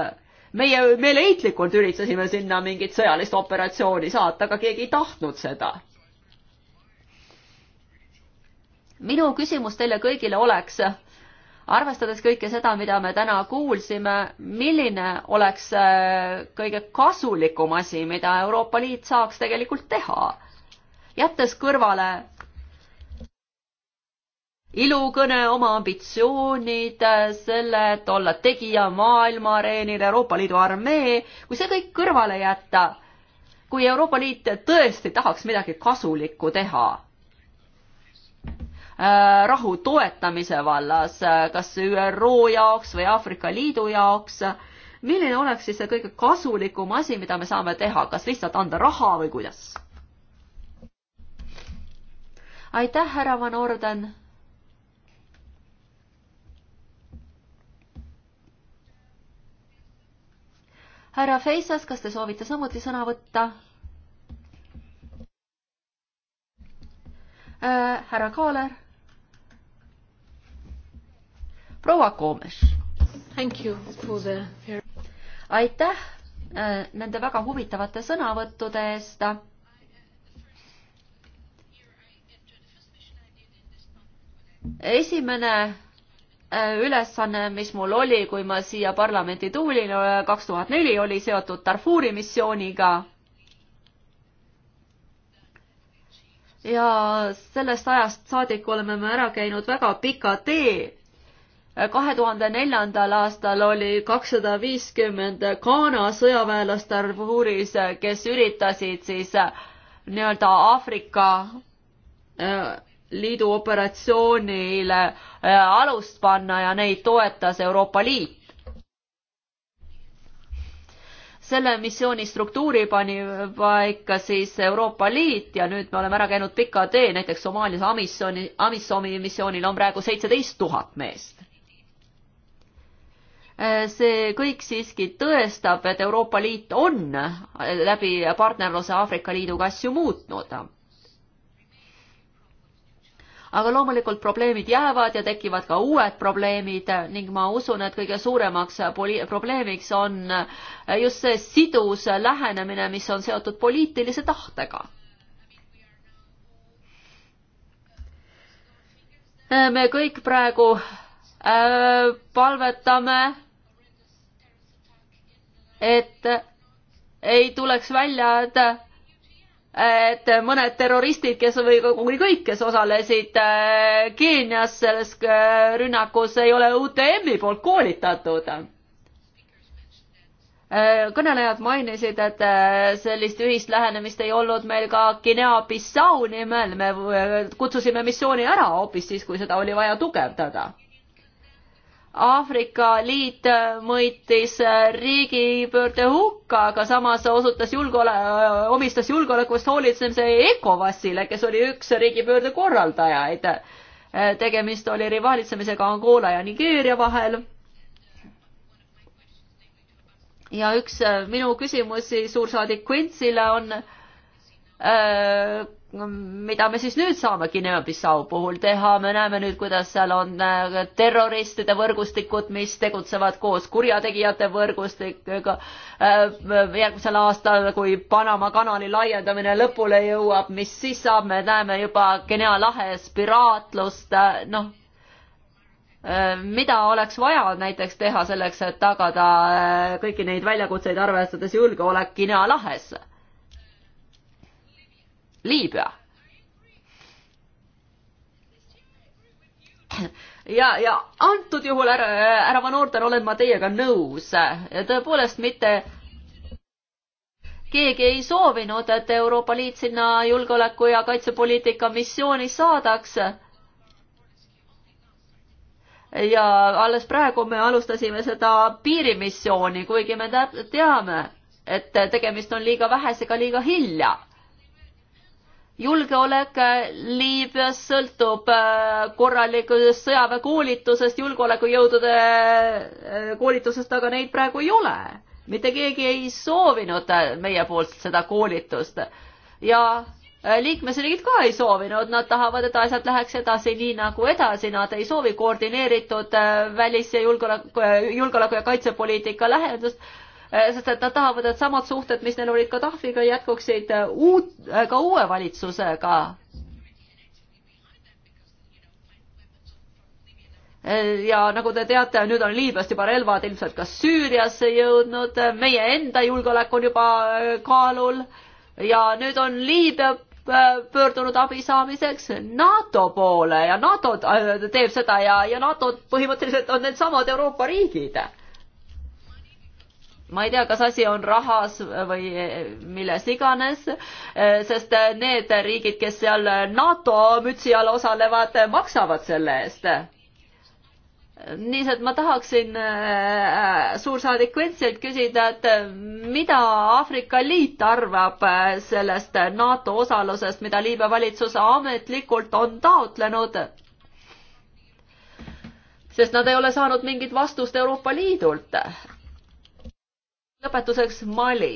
meie meeleheitlikult üritasime sinna mingit sõjalist operatsiooni saata, aga keegi ei tahtnud seda. minu küsimus teile kõigile oleks arvestades kõike seda, mida me täna kuulsime, milline oleks äh, kõige kasulikum asi, mida Euroopa Liit saaks tegelikult teha, jättes kõrvale ilukõne, oma ambitsioonid, äh, selle, et olla tegija maailma areenil, Euroopa Liidu armee, kui see kõik kõrvale jätta, kui Euroopa Liit tõesti tahaks midagi kasulikku teha Äh, rahu toetamise vallas, äh, kas ÜRO jaoks või Aafrika Liidu jaoks. milline oleks siis see kõige kasulikum asi, mida me saame teha, kas lihtsalt anda raha või kuidas? aitäh, härra Van Orden. härra Feisas, kas te soovite samuti sõna võtta? Äh, härra Kaaler proua Koomes. The... aitäh äh, nende väga huvitavate sõnavõttude eest. esimene äh, ülesanne, mis mul oli, kui ma siia parlamenti tuulin, äh, kaks tuhat neli, oli seotud Darfuri missiooniga ja sellest ajast saadik oleme me ära käinud väga pika tee kahe tuhande neljandal aastal oli kakssada viiskümmend Ghana sõjaväelast Darfuris, kes üritasid siis äh, nii-öelda Aafrika äh, Liidu operatsioonile äh, alust panna ja neid toetas Euroopa Liit. selle missiooni struktuuri pani paika siis Euroopa Liit ja nüüd me oleme ära käinud pika tee, näiteks Somaalias Amisoni, Amisomi missioonil on praegu seitseteist tuhat meest Äh, see kõik siiski tõestab, et Euroopa Liit on äh, läbi partnerluse Aafrika Liiduga asju muutnud. aga loomulikult probleemid jäävad ja tekivad ka uued probleemid ning ma usun, et kõige suuremaks probleemiks on äh, just see sidus lähenemine, mis on seotud poliitilise tahtega me kõik praegu Äh, palvetame, et ei tuleks välja, et, et mõned terroristid, kes või koguni kõik, kes osalesid äh, Keenias selles äh, rünnakus, ei ole UTM-i poolt koolitatud. kõnelejad mainisid, et sellist ühist lähenemist ei olnud meil ka Guinea-Bissau nimel, me kutsusime missiooni ära hoopis siis, kui seda oli vaja tugevdada Aafrika Liit mõitis riigipöörde hukka, aga samas osutas julgeole-, omistas julgeolekust hoolitsemise ECOWASile, kes oli üks riigipöörde korraldajaid. tegemist oli rivaalitsemisega Angola ja Nigeeria vahel. ja üks minu küsimusi suursaadik Quintsile on äh, mida me siis nüüd saame Guinea-Bissau puhul teha, me näeme nüüd, kuidas seal on äh, terroristide võrgustikud, mis tegutsevad koos kurjategijate võrgustikega. Äh, järgmisel aastal, kui Panama kanali laiendamine lõpule jõuab, mis siis saab, me näeme juba Guinea lahes piraatlust, äh, noh, mida oleks vaja näiteks teha selleks, et tagada kõiki neid väljakutseid arvestades julgeolek Guinea lahes Liibüa. ja, ja antud juhul, härra, härra Van Orden, olen ma teiega nõus. tõepoolest mitte keegi ei soovinud, et Euroopa Liit sinna julgeoleku ja kaitsepoliitika missiooni saadaks. ja alles praegu me alustasime seda piirimissiooni, kuigi me teame, et tegemist on liiga vähesega liiga hilja julgeolek äh, Liibüas sõltub äh, korralikust sõjaväekoolitusest, julgeolekujõudude äh, koolitusest, aga neid praegu ei ole. mitte keegi ei soovinud meie poolt seda koolitust ja liikmesriigid ka ei soovinud, nad tahavad, et asjad läheks edasi nii nagu edasi, nad ei soovi koordineeritud välis- ja julgeoleku, julgeoleku ja kaitsepoliitika lähedust Äh, sest et nad tahavad, et samad suhted, mis neil olid Gaddafiga, jätkuksid äh, uut, äh, ka uue valitsusega. ja nagu te teate, nüüd on Liibüast juba relvad ilmselt ka Süüriasse jõudnud, meie enda julgeolek on juba kaalul ja nüüd on Liibüa pöördunud abi saamiseks NATO poole ja NATO teeb seda ja, ja NATO põhimõtteliselt on needsamad Euroopa riigid ma ei tea, kas asi on rahas või milles iganes, sest need riigid, kes seal NATO mütsi all osalevad, maksavad selle eest. nii et ma tahaksin äh, suursaadik Kventsilt küsida, et mida Aafrika Liit arvab sellest NATO osalusest, mida Liibüa valitsus ametlikult on taotlenud? sest nad ei ole saanud mingit vastust Euroopa Liidult lõpetuseks Mali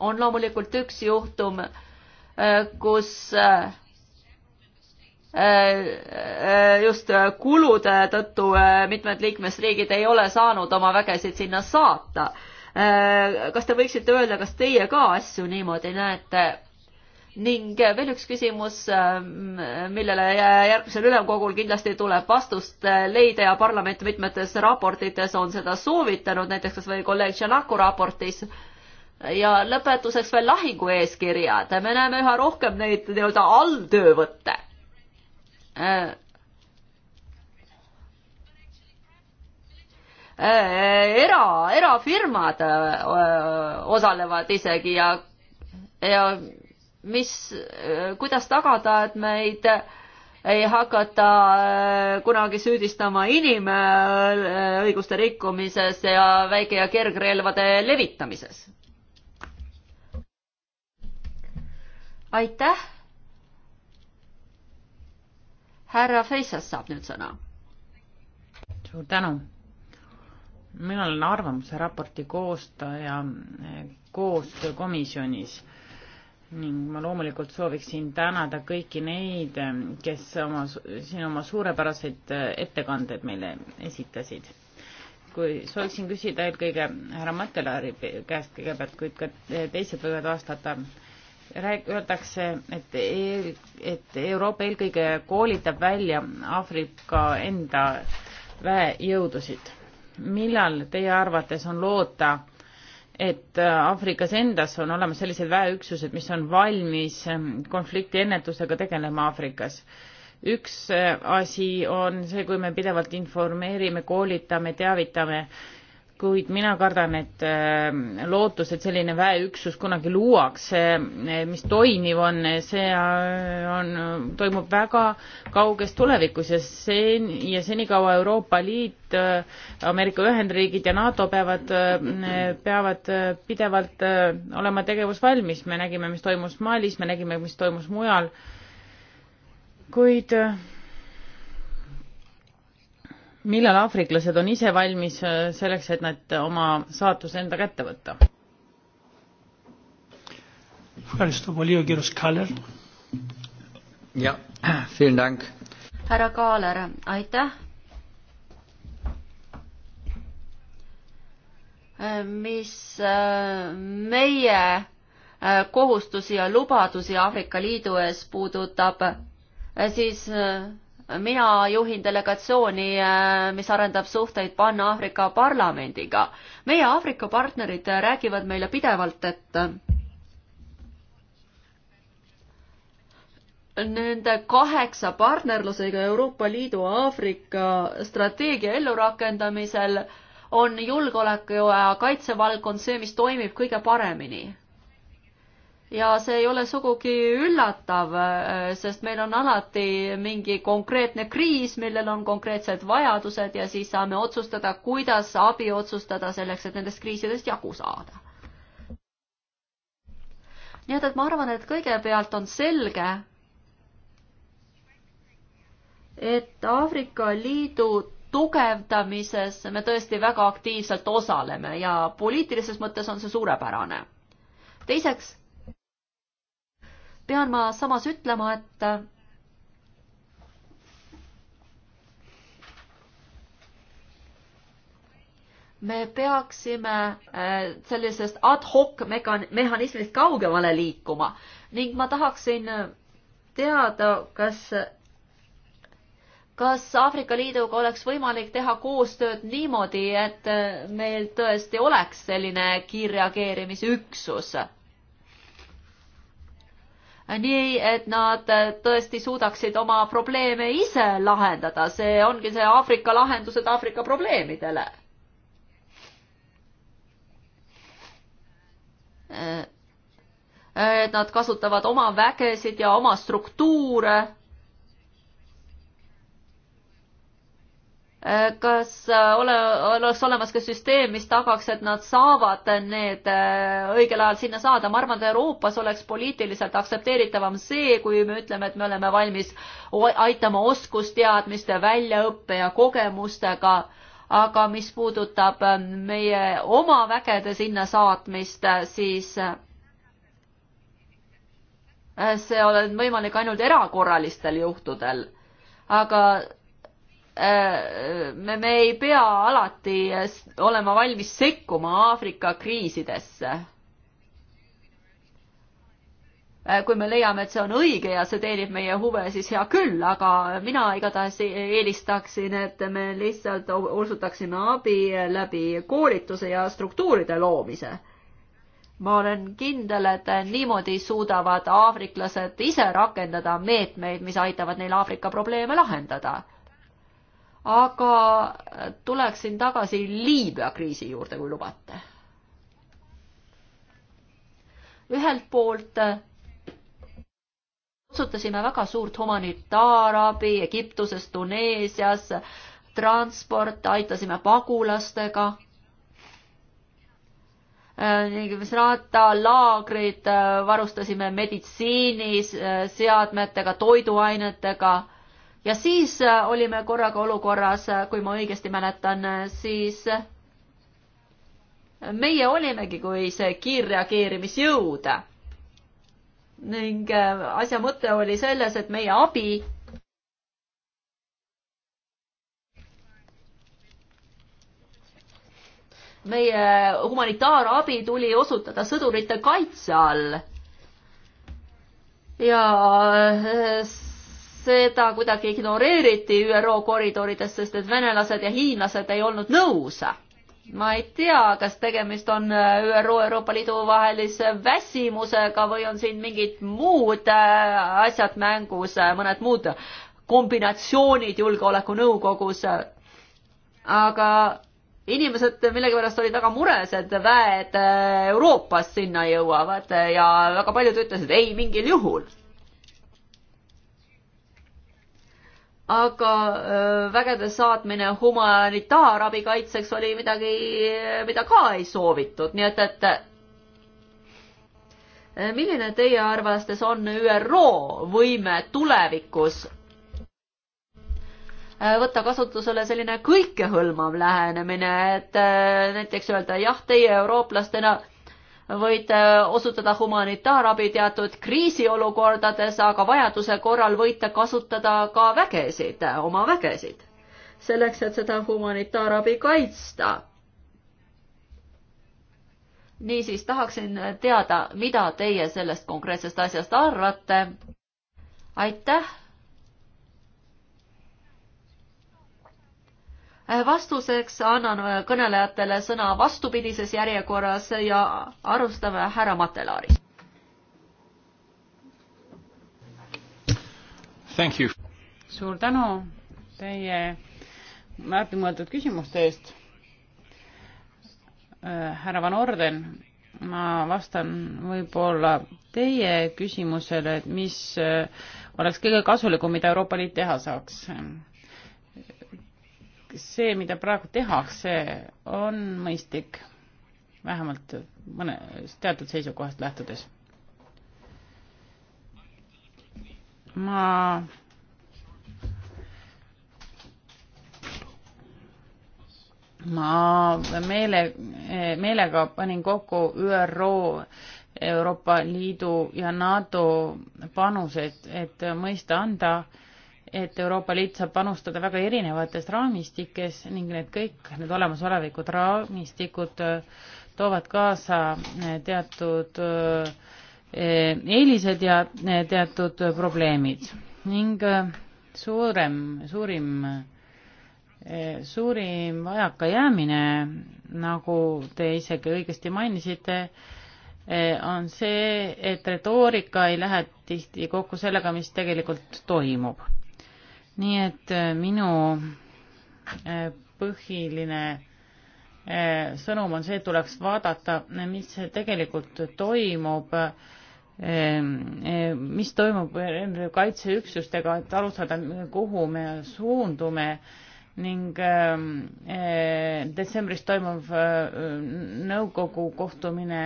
on loomulikult üks juhtum, äh, kus äh, äh, just kulude tõttu mitmed liikmesriigid ei ole saanud oma vägesid sinna saata. kas te võiksite öelda, kas teie ka asju niimoodi näete? ning veel üks küsimus, mm, millele järgmisel ülemkogul kindlasti tuleb vastust leida ja parlament mitmetes raportites on seda soovitanud, näiteks kas või kolleeg Janaku raportis. ja lõpetuseks veel lahingueeskirjad, me näeme üha rohkem neid nii-öelda alltöövõtte äh, äh, era, erafirmad äh, osalevad isegi ja, ja mis, kuidas tagada, et meid ei hakata äh, kunagi süüdistama inimõiguste rikkumises ja väike- ja kergrelvade levitamises. aitäh. härra Feisas saab nüüd sõna. suur tänu. mina olen arvamuse raporti koostaja koostöökomisjonis ning ma loomulikult sooviksin tänada kõiki neid, kes oma, siin oma suurepäraseid äh, ettekandeid meile esitasid. kui sooviksin küsida eelkõige härra Mattelari käest kõigepealt, kuid ka teised võivad vastata. Rääg-, öeldakse, et eel, et Euroopa eelkõige koolitab välja Aafrika enda väejõudusid. millal teie arvates on loota et äh, Aafrikas endas on olemas sellised väeüksused, mis on valmis ähm, konflikti ennetusega tegelema Aafrikas. üks äh, asi on see, kui me pidevalt informeerime, koolitame, teavitame kuid mina kardan, et äh, lootus, et selline väeüksus kunagi luuakse, äh, mis toimiv on, see äh, on, toimub väga kauges tulevikus ja sen- ja senikaua Euroopa Liit, Ameerika Ühendriigid ja NATO peavad, peavad pidevalt olema tegevusvalmis, me nägime, mis toimus Malis, me nägime, mis toimus mujal, kuid millal aafriklased on ise valmis äh, selleks, et nad oma saatuse enda kätte võtta? jah, härra Kaaler, aitäh mis äh, meie äh, kohustusi ja lubadusi Aafrika Liidu ees puudutab, siis mina juhin delegatsiooni, äh, mis arendab suhteid Pan-Aafrika parlamendiga. meie Aafrika partnerid räägivad meile pidevalt, et äh, nende kaheksa partnerlusega Euroopa Liidu Aafrika strateegia ellurakendamisel on julgeoleku ja kaitsevaldkond see, mis toimib kõige paremini ja see ei ole sugugi üllatav, eh, sest meil on alati mingi konkreetne kriis, millel on konkreetsed vajadused ja siis saame otsustada, kuidas abi otsustada selleks, et nendest kriisidest jagu saada. nii et, et ma arvan, et kõigepealt on selge, et Aafrika Liidu tugevdamises me tõesti väga aktiivselt osaleme ja poliitilises mõttes on see suurepärane. teiseks pean ma samas ütlema, et me peaksime äh, sellisest ad hoc mehhanismist kaugemale liikuma ning ma tahaksin teada, kas, kas Aafrika Liiduga oleks võimalik teha koostööd niimoodi, et äh, meil tõesti oleks selline kiirreageerimisüksus nii et nad äh, tõesti suudaksid oma probleeme ise lahendada, see ongi see Aafrika lahendused Aafrika probleemidele. Äh, äh, et nad kasutavad oma vägesid ja oma struktuure Äh, kas äh, ole, oleks olemas ka süsteem, mis tagaks, et nad saavad need äh, õigel ajal sinna saada, ma arvan, et Euroopas oleks poliitiliselt aktsepteeritavam see, kui me ütleme, et me oleme valmis aitama oskusteadmiste, väljaõppe ja kogemustega, aga mis puudutab meie oma vägede sinna saatmist, siis see on võimalik ainult erakorralistel juhtudel, aga Äh, me, me ei pea alati olema valmis sekkuma Aafrika kriisidesse. Äh, kui me leiame, et see on õige ja see teenib meie huve, siis hea küll, aga mina igatahes eelistaksin, et me lihtsalt osutaksime abi läbi koolituse ja struktuuride loomise ma olen kindel, et niimoodi suudavad aafriklased ise rakendada meetmeid, mis aitavad neil Aafrika probleeme lahendada aga tuleksin tagasi Liibüa kriisi juurde, kui lubate. ühelt poolt äh, osutasime väga suurt humanitaarabi Egiptuses, Tuneesias, transport, aitasime pagulastega. Äh, Misrata laagrid äh, varustasime meditsiinis, seadmetega, toiduainetega ja siis äh, olime korraga olukorras, äh, kui ma õigesti mäletan, äh, siis meie olimegi kui see kiirreageerimisjõud. ning asja mõte oli selles, et meie abi meie humanitaarabi tuli osutada sõdurite kaitse all. ja seda kuidagi ignoreeriti ÜRO koridorides, sest et venelased ja hiinlased ei olnud nõus. ma ei tea, kas tegemist on ÜRO, Euroopa Liidu vahelise väsimusega või on siin mingid muud äh, asjad mängus, äh, mõned muud kombinatsioonid Julgeolekunõukogus. aga inimesed millegipärast olid väga mures, et väed äh, Euroopast sinna jõuavad ja väga paljud ütlesid ei mingil juhul aga äh, vägede saatmine humanitaarabi kaitseks oli midagi, mida ka ei soovitud, nii et, et äh, milline teie arvates on ÜRO võime tulevikus äh, võtta kasutusele selline kõikehõlmav lähenemine, et näiteks öelda jah, teie eurooplastena no, võid äh, osutada humanitaarabi teatud kriisiolukordades, aga vajaduse korral võite kasutada ka vägesid, äh, oma vägesid, selleks, et seda humanitaarabi kaitsta niisiis tahaksin teada, mida teie sellest konkreetsest asjast arvate. aitäh vastuseks annan äh, kõnelejatele sõna vastupidises järjekorras ja alustame härra Matelaarist. suur tänu teie läbimõeldud küsimuste eest. Äh, härra Van Orden, ma vastan võib-olla teie küsimusele, et mis äh, oleks kõige kasulikum, mida Euroopa Liit teha saaks see, mida praegu tehakse, on mõistlik, vähemalt mõne teatud seisukohast lähtudes. ma ma meele, meelega panin kokku ÜRO, Euroopa Liidu ja NATO panused, et mõista anda äh, et Euroopa Liit saab panustada väga erinevates raamistikes ning need kõik, need olemasolevikud raamistikud äh, toovad kaasa äh, teatud äh, eelised ja teatud probleemid ning suurem, suurim, suurim vajakajäämine, nagu te isegi õigesti mainisite, on see, et retoorika ei lähe tihti kokku sellega, mis tegelikult toimub nii et äh, minu äh, põhiline äh, sõnum on see, et tuleks vaadata, mis tegelikult toimub, ähm, mis toimub kaitseüksustega, et aru saada, kuhu me suundume ning ähm, detsembris toimuv nõukogu kohtumine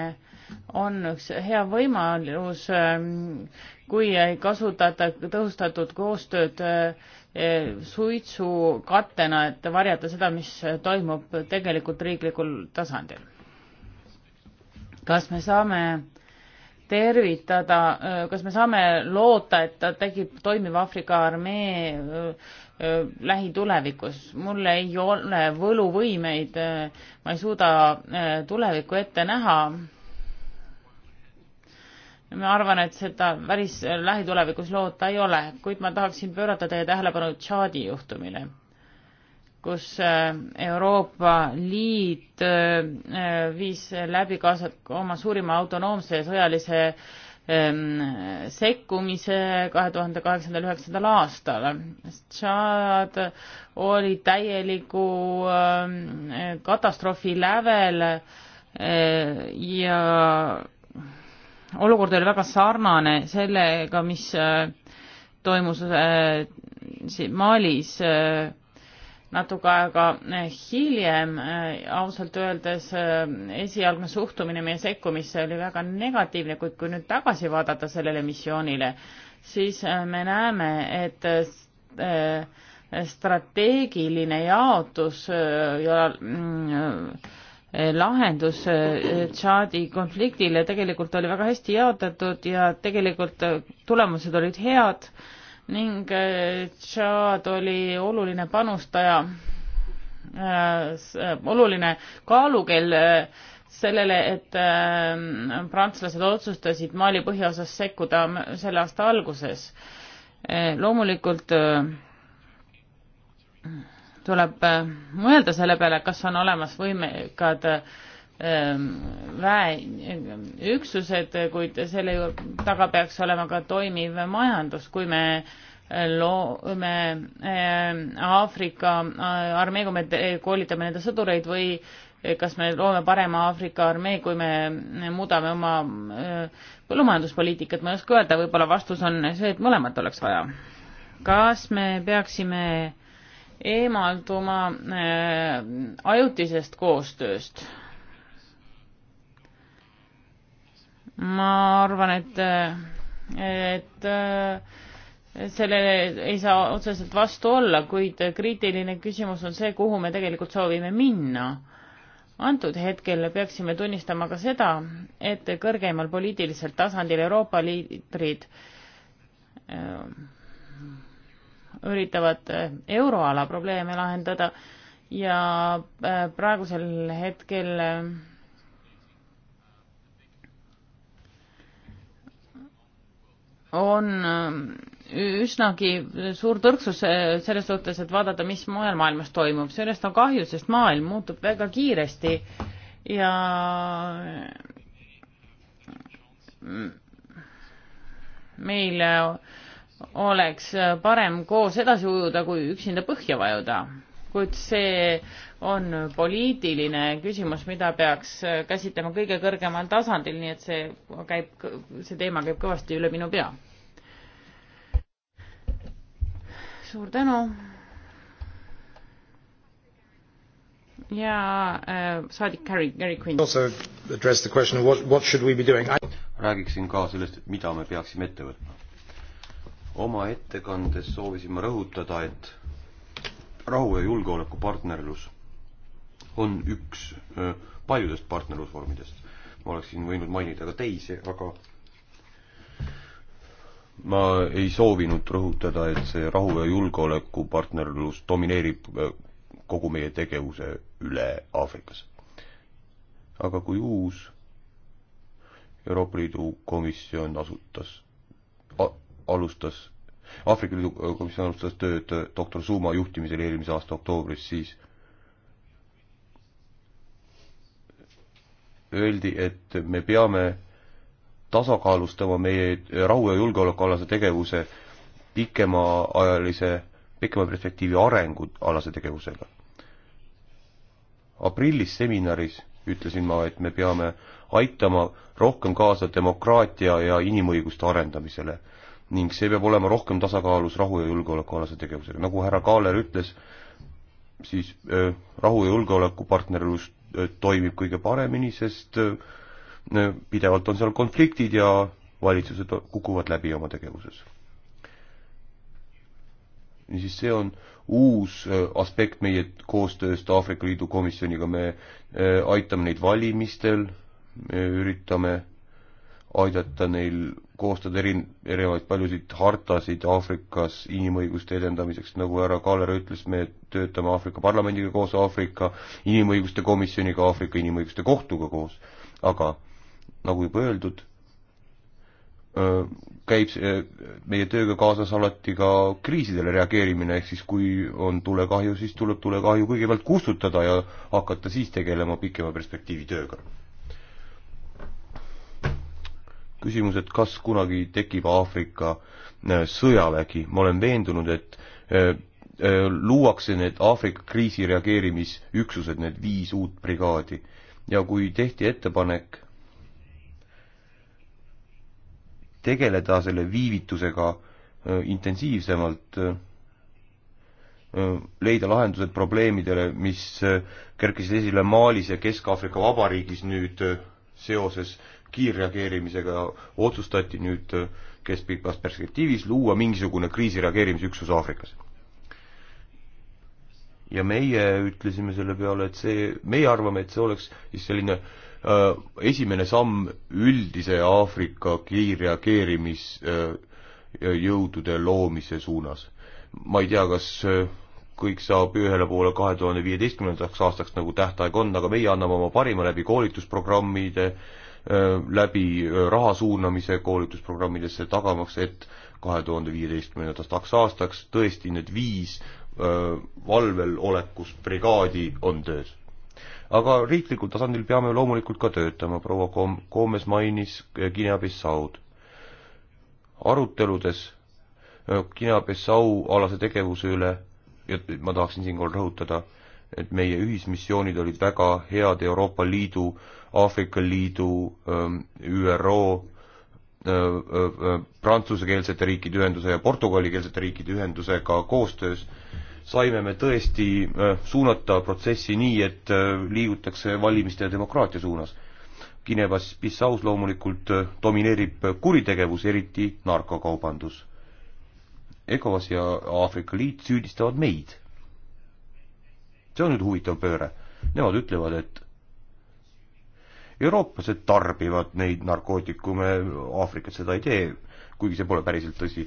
on üks hea võimalus, ähm, kui ei kasutata tõhustatud koostööd suitsukattena, et varjata seda, mis toimub tegelikult riiklikul tasandil. kas me saame tervitada, kas me saame loota, et ta tekib toimiv Aafrika armee lähitulevikus? mul ei ole võluvõimeid, ma ei suuda tulevikku ette näha ma arvan, et seda päris lähitulevikus loota ei ole, kuid ma tahaksin pöörata teie tähelepanu Tšaadi juhtumile, kus äh, Euroopa Liit äh, äh, viis läbi kaasa oma suurima autonoomse sõjalise ähm, sekkumise kahe tuhande kaheksandal, üheksandal aastal. Tšaad oli täieliku ähm, katastroofi lävel ja olukord oli väga sarnane sellega, mis äh, toimus äh, Malis äh, natuke aega hiljem, ausalt öeldes esialgne suhtumine meie sekkumisse oli väga negatiivne, kuid kui nüüd tagasi vaadata sellele missioonile, siis me näeme, et strateegiline jaotus ja Eh, lahendus eh, Tšaadi konfliktile tegelikult oli väga hästi jaotatud ja tegelikult eh, tulemused olid head ning Tšaad oli oluline panustaja, oluline kaalukell sellele, et prantslased otsustasid Mali põhjaosas sekkuda selle aasta alguses. loomulikult tuleb äh, mõelda selle peale, kas on olemas võimekad ähm, väeüksused, äh, kuid selle taga peaks olema ka toimiv majandus, kui me äh, loome ähm, Aafrika armee, kui me koolitame nende sõdureid või kas me loome parema Aafrika armee, kui me muudame oma põllumajanduspoliitikat, ma ei oska öelda, võib-olla vastus on see, et mõlemat oleks vaja. kas me peaksime eemalduma äh, ajutisest koostööst. ma arvan, et, äh, et äh, sellele ei saa otseselt vastu olla, kuid kriitiline küsimus on see, kuhu me tegelikult soovime minna. antud hetkel peaksime tunnistama ka seda, et kõrgeimal poliitilisel tasandil Euroopa liidrid üritavad äh, euroala probleeme lahendada ja äh, praegusel hetkel äh, on üsnagi suur tõrksus selles suhtes, et vaadata, mis mujal maailmas toimub. sellest on kahju, sest maailm muutub väga kiiresti ja meil oleks parem koos edasi ujuda, kui üksinda põhja vajuda. kuid see on poliitiline küsimus, mida peaks käsitlema kõige kõrgemal tasandil, nii et see käib, see teema käib kõvasti üle minu pea. suur tänu. ja äh, saadik Gary, Gary Quinn. Also address the question what, what should we be doing I...? räägiksin ka sellest, et mida me peaksime ette võtma oma ettekandes soovisin ma rõhutada, et rahu- ja julgeolekupartnerlus on üks paljudest partnerlusvormidest. ma oleksin võinud mainida ka teisi, aga ma ei soovinud rõhutada, et see rahu- ja julgeolekupartnerlus domineerib kogu meie tegevuse üle Aafrikas. aga kui uus Euroopa Liidu komisjon asutas alustas, Aafrika Liidu komisjon alustas tööd doktor Zuma juhtimisel eelmise aasta oktoobris, siis öeldi, et me peame tasakaalustama meie rahu- ja julgeolekualase tegevuse pikemaajalise, pikema perspektiivi arengualase tegevusega. aprillis seminaris ütlesin ma, et me peame aitama rohkem kaasa demokraatia ja inimõiguste arendamisele ning see peab olema rohkem tasakaalus rahu- ja julgeolekualase tegevusega. nagu härra Kaaler ütles, siis öö, äh, rahu- ja julgeolekupartnerlus äh, toimib kõige paremini, sest öö, äh, pidevalt on seal konfliktid ja valitsused kukuvad läbi oma tegevuses. niisiis, see on uus aspekt meie koostööst Aafrika Liidu komisjoniga, me öö, aitame neid valimistel, me üritame aidata neil koostada eri, erinevaid paljusid hartasid Aafrikas inimõiguste edendamiseks, nagu härra Kaaler ütles, me töötame Aafrika Parlamendiga koos, Aafrika Inimõiguste Komisjoniga, Aafrika Inimõiguste Kohtuga koos, aga nagu juba öeldud, käib see meie tööga kaasas alati ka kriisidele reageerimine, ehk siis kui on tulekahju, siis tuleb tulekahju kõigepealt kustutada ja hakata siis tegelema pikema perspektiivi tööga küsimus, et kas kunagi tekib Aafrika äh, sõjavägi, ma olen veendunud, et äh, äh, luuakse need Aafrika kriisireageerimisüksused, need viis uut brigaadi. ja kui tehti ettepanek tegeleda selle viivitusega intensiivsemalt, leida lahendused probleemidele, mis kerkisid esile Malis ja Kesk-Aafrika Vabariigis nüüd seoses kiirreageerimisega otsustati nüüd äh, keskpikas perspektiivis luua mingisugune kriisireageerimisüksus Aafrikas. ja meie ütlesime selle peale, et see, meie arvame, et see oleks siis selline äh, esimene samm üldise Aafrika kiirreageerimisjõudude äh, loomise suunas. ma ei tea, kas äh, kõik saab ühele poole kahe tuhande viieteistkümnendaks aastaks, nagu tähtaeg on, aga meie anname oma parima läbi koolitusprogrammide äh,, Äh, läbi äh, raha suunamise koolitusprogrammidesse, tagamaks, et kahe tuhande viieteistkümnendast aastaks tõesti need viis äh, valvel olekus brigaadi on töös. aga riiklikul tasandil peame loomulikult ka töötama, proua Kom-, Koomes mainis Guinea-Bissaud. aruteludes Guinea-Bissau alase tegevuse üle ja ma tahaksin siinkohal rõhutada, et meie ühismissioonid olid väga head Euroopa Liidu, Aafrika Liidu, ähm, ÜRO, äh, äh, äh, prantsusekeelsete riikide ühenduse ja portugalikeelsete riikide ühendusega koostöös saime me tõesti suunata protsessi nii, et liigutakse valimiste ja demokraatia suunas. Guinea-Bissaus loomulikult domineerib kuritegevus, eriti narkokaubandus. ECOWAS ja Aafrika Liit süüdistavad meid see on nüüd huvitav pööre. Nemad ütlevad, et eurooplased tarbivad neid narkootikume, Aafrikas seda ei tee, kuigi see pole päriselt tõsi.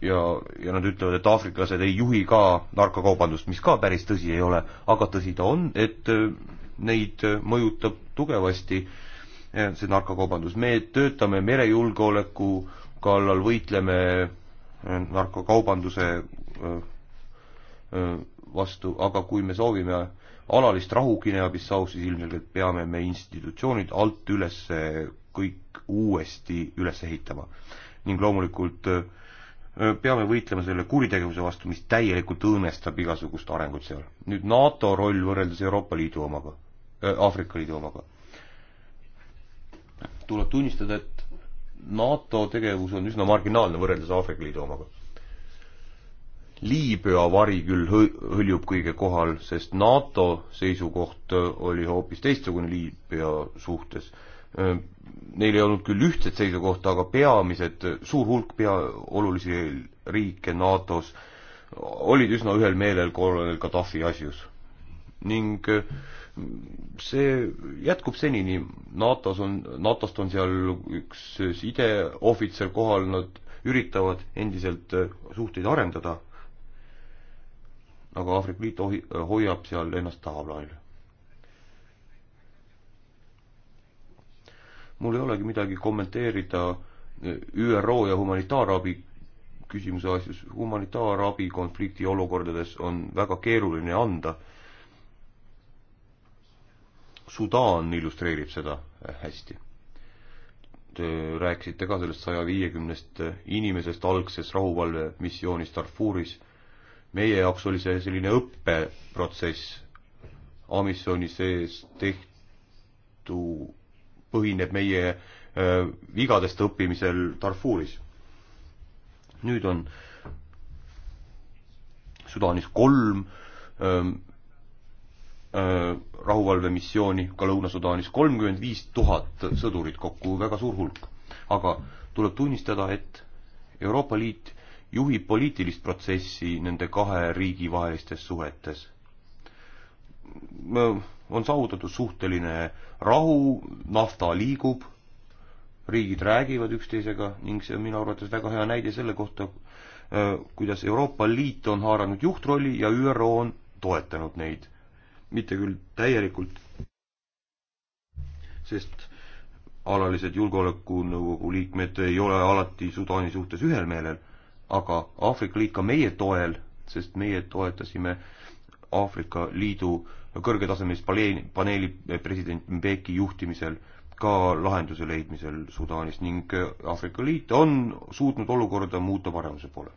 ja, ja nad ütlevad, et aafriklased ei juhi ka narkokaubandust, mis ka päris tõsi ei ole, aga tõsi ta on, et äh, neid äh, mõjutab tugevasti äh, see narkokaubandus. me töötame merejulgeoleku kallal, võitleme narkokaubanduse vastu, aga kui me soovime alalist rahu Guinea-Bissaus, siis ilmselgelt peame me institutsioonid alt üles kõik uuesti üles ehitama. ning loomulikult äh, peame võitlema selle kuritegevuse vastu, mis täielikult õõnestab igasugust arengut seal. nüüd NATO roll võrreldes Euroopa Liidu omaga äh,, Aafrika Liidu omaga. tuleb tunnistada, et NATO tegevus on üsna marginaalne võrreldes Aafrika Liidu omaga Liibüa vari küll hõljub kõige kohal, sest NATO seisukoht äh, oli hoopis teistsugune Liibüa suhtes. Äh, neil ei olnud küll ühtset seisukohta, aga peamised, suur hulk pea, olulisi riike NATO-s olid üsna ühel meelel kolonel Gaddafi asjus. ning äh, see jätkub senini, NATO-s on, NATO-st on seal üks sideohvitser kohal, nad üritavad endiselt suhteid arendada aga Aafrika Liit ohi-, hoiab seal ennast tahaplaanil. mul ei olegi midagi kommenteerida ÜRO ja humanitaarabi küsimuse asjus. humanitaarabi konflikti olukordades on väga keeruline anda. Sudaan illustreerib seda hästi rääkisite ka sellest saja viiekümnest inimesest algses rahuvalvemissioonis Darfuris meie jaoks oli see selline õppeprotsess. Amisoni sees tehtu põhineb meie äh, vigadest õppimisel Darfuris. nüüd on Sudaanis kolm äh, äh, rahuvalvemissiooni, ka Lõuna-Sudaanis kolmkümmend viis tuhat sõdurit kokku, väga suur hulk. aga tuleb tunnistada, et Euroopa Liit juhib poliitilist protsessi nende kahe riigi vahelistes suhetes. on saavutatud suhteline rahu, nafta liigub, riigid räägivad üksteisega ning see on minu arvates väga hea näide selle kohta, kuidas Euroopa Liit on haaranud juhtrolli ja ÜRO on toetanud neid. mitte küll täielikult, sest alalised julgeolekunõukogu liikmed ei ole alati Sudaani suhtes ühel meelel, aga Aafrika Liit ka meie toel, sest meie toetasime Aafrika Liidu kõrgetasemelist paneeli, paneeli president Mbeki juhtimisel ka lahenduse leidmisel Sudaanis ning Aafrika Liit on suutnud olukorda muuta paremuse poole.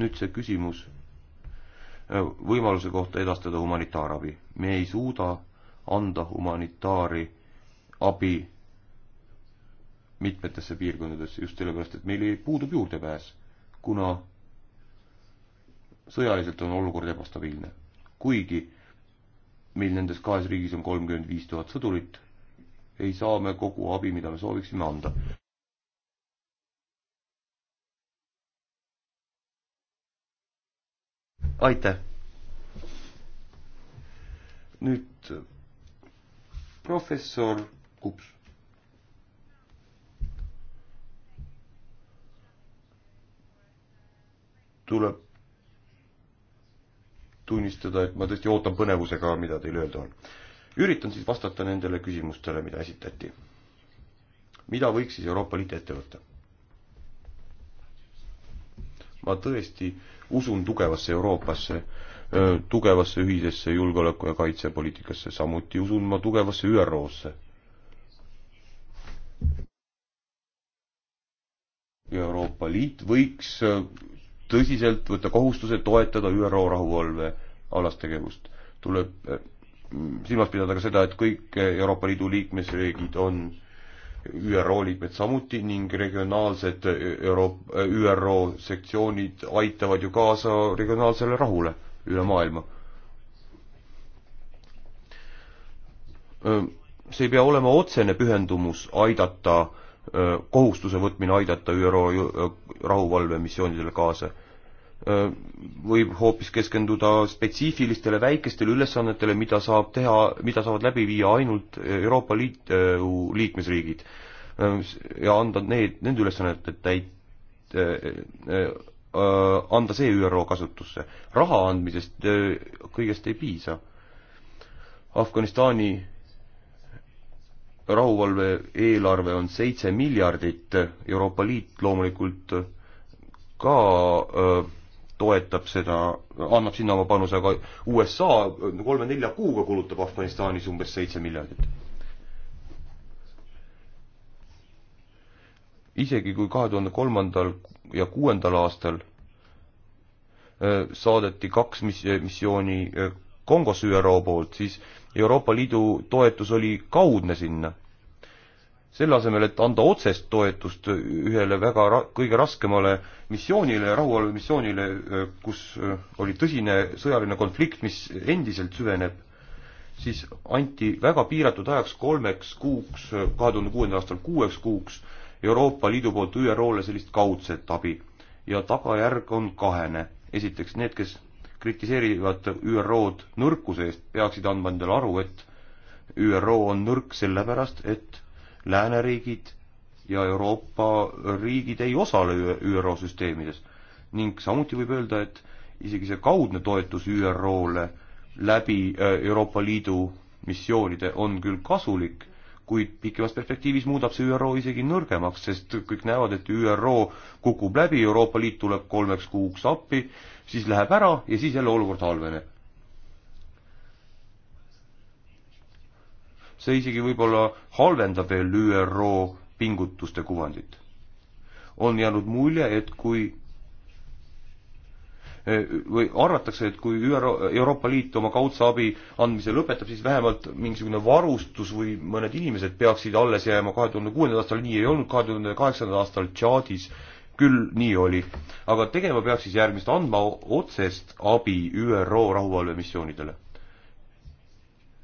nüüd see küsimus äh, võimaluse kohta edastada humanitaarabi. me ei suuda anda humanitaari abi mitmetesse piirkondadesse just sellepärast, et meil ei, puudub juurdepääs, kuna sõjaliselt on olukord ebastabiilne. kuigi meil nendes kahes riigis on kolmkümmend viis tuhat sõdurit, ei saa me kogu abi, mida me sooviksime anda. aitäh! nüüd professor Kups tuleb tunnistada, et ma tõesti ootan põnevusega, mida teil öelda on. üritan siis vastata nendele küsimustele, mida esitati. mida võiks siis Euroopa Liit ette võtta? ma tõesti usun tugevasse Euroopasse, tugevasse ühisesse julgeoleku- ja kaitsepoliitikasse, samuti usun ma tugevasse ÜRO-sse. Euroopa Liit võiks tõsiselt võtta kohustuse toetada ÜRO rahuvalvealast tegevust. tuleb eh, silmas pidada ka seda, et kõik Euroopa Liidu liikmesriigid on ÜRO liikmed samuti ning regionaalsed eh, Euroop-, eh, ÜRO sektsioonid aitavad ju kaasa regionaalsele rahule üle maailma. see ei pea olema otsene pühendumus aidata kohustuse võtmine aidata ÜRO rahuvalvemissioonidele kaasa. Äh, võib hoopis keskenduda spetsiifilistele väikestele ülesannetele, mida saab teha, mida saavad läbi viia ainult Euroopa Liidu äh, liikmesriigid äh, ja anda need, nende ülesannete täit-, anda see ÜRO kasutusse. raha andmisest kõigest ei piisa. Afganistani rahuvalve eelarve on seitse miljardit, Euroopa Liit loomulikult ka öö, toetab seda, annab sinna oma panuse, aga USA kolme-nelja kuuga kulutab Afganistanis umbes seitse miljardit. isegi kui kahe tuhande kolmandal ja kuuendal aastal äh, saadeti kaks mis-, äh, missiooni äh, Kongos ÜRO poolt, siis Euroopa Liidu toetus oli kaudne sinna selle asemel, et anda otsest toetust ühele väga ra-, kõige raskemale missioonile, rahuvalvemissioonile, kus äh, oli tõsine sõjaline konflikt, mis endiselt süveneb, siis anti väga piiratud ajaks, kolmeks kuuks, äh, kahe tuhande kuuendal aastal kuueks kuuks Euroopa Liidu poolt ÜRO-le sellist kaudset abi. ja tagajärg on kahene. esiteks, need, kes kritiseerivad ÜRO-d nõrkuse eest, peaksid andma endale aru, et ÜRO on nõrk sellepärast, et lääneriigid ja Euroopa riigid ei osale ÜRO süsteemides ning samuti võib öelda, et isegi see kaudne toetus ÜRO-le läbi äh, Euroopa Liidu missioonide on küll kasulik, kuid pikemas perspektiivis muudab see ÜRO isegi nõrgemaks, sest kõik näevad, et ÜRO kukub läbi, Euroopa Liit tuleb kolmeks kuuks appi, siis läheb ära ja siis jälle olukord halveneb. see isegi võib-olla halvendab veel ÜRO pingutuste kuvandit. on jäänud mulje, et kui või arvatakse, et kui ÜRO, Euroopa Liit oma kaudse abi andmise lõpetab, siis vähemalt mingisugune varustus või mõned inimesed peaksid alles jääma, kahe tuhande kuuendal aastal nii ei olnud, kahe tuhande kaheksandal aastal Tšaadis küll nii oli. aga tegema peaks siis järgmist, andma otsest abi ÜRO rahuvalvemissioonidele.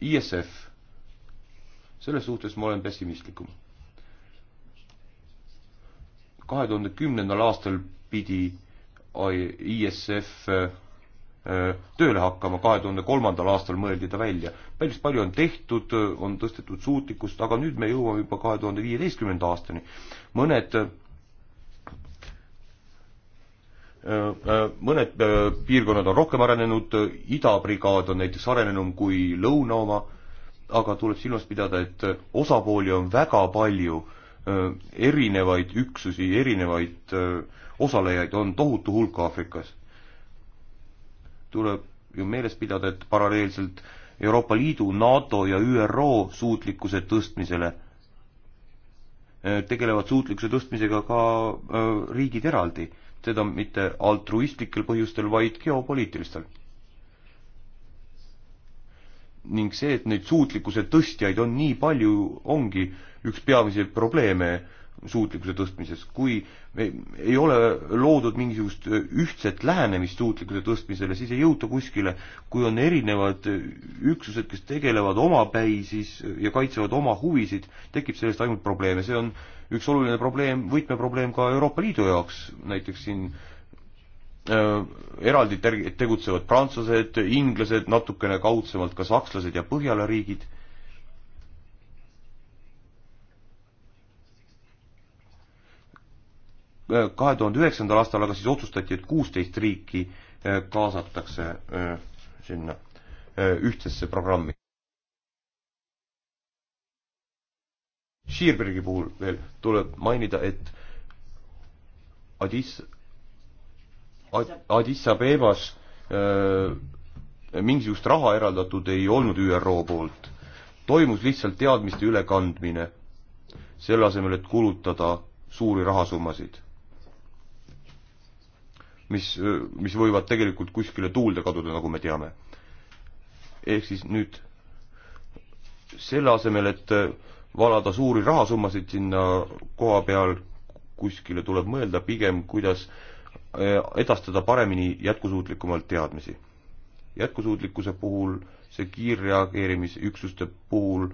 ISF selles suhtes ma olen pessimistlikum. kahe tuhande kümnendal aastal pidi ISF äh, tööle hakkama, kahe tuhande kolmandal aastal mõeldi ta välja. päris palju on tehtud, on tõstetud suutlikkust, aga nüüd me jõuame juba kahe tuhande viieteistkümnenda aastani. mõned äh, äh, mõned piirkonnad on rohkem arenenud, idabrigaad on näiteks arenenum kui lõuna oma aga tuleb silmas pidada, et äh, osapooli on väga palju, äh, erinevaid üksusi, erinevaid äh, osalejaid on tohutu hulk Aafrikas. tuleb ju meeles pidada, et paralleelselt Euroopa Liidu, NATO ja ÜRO suutlikkuse tõstmisele tegelevad suutlikkuse tõstmisega ka riigid eraldi, seda mitte altruistlikel põhjustel, vaid geopoliitilistel ning see, et neid suutlikkuse tõstjaid on nii palju, ongi üks peamisi probleeme suutlikkuse tõstmises. kui ei ole loodud mingisugust ühtset lähenemist suutlikkuse tõstmisele, siis ei jõuta kuskile. kui on erinevad üksused, kes tegelevad omapäi siis ja kaitsevad oma huvisid, tekib sellest ainult probleeme. see on üks oluline probleem, võtmeprobleem ka Euroopa Liidu jaoks, näiteks siin Äh, eraldi tegutsevad prantslased, inglased, natukene kaudsemalt ka sakslased ja Põhjala riigid. Äh, kahe tuhande üheksandal aastal aga siis otsustati, et kuusteist riiki äh, kaasatakse sinna ühtsesse programmi. Sheerbergi puhul veel tuleb mainida, et Addis Addis Abebas äh, mingisugust raha eraldatud ei olnud ÜRO poolt. toimus lihtsalt teadmiste ülekandmine, selle asemel, et kulutada suuri rahasummasid, mis, mis võivad tegelikult kuskile tuulde kaduda, nagu me teame. ehk siis nüüd selle asemel, et äh, valada suuri rahasummasid sinna koha peal, kuskile tuleb mõelda pigem, kuidas äh, Äh, edastada paremini jätkusuutlikumalt teadmisi. jätkusuutlikkuse puhul, see kiirreageerimisüksuste puhul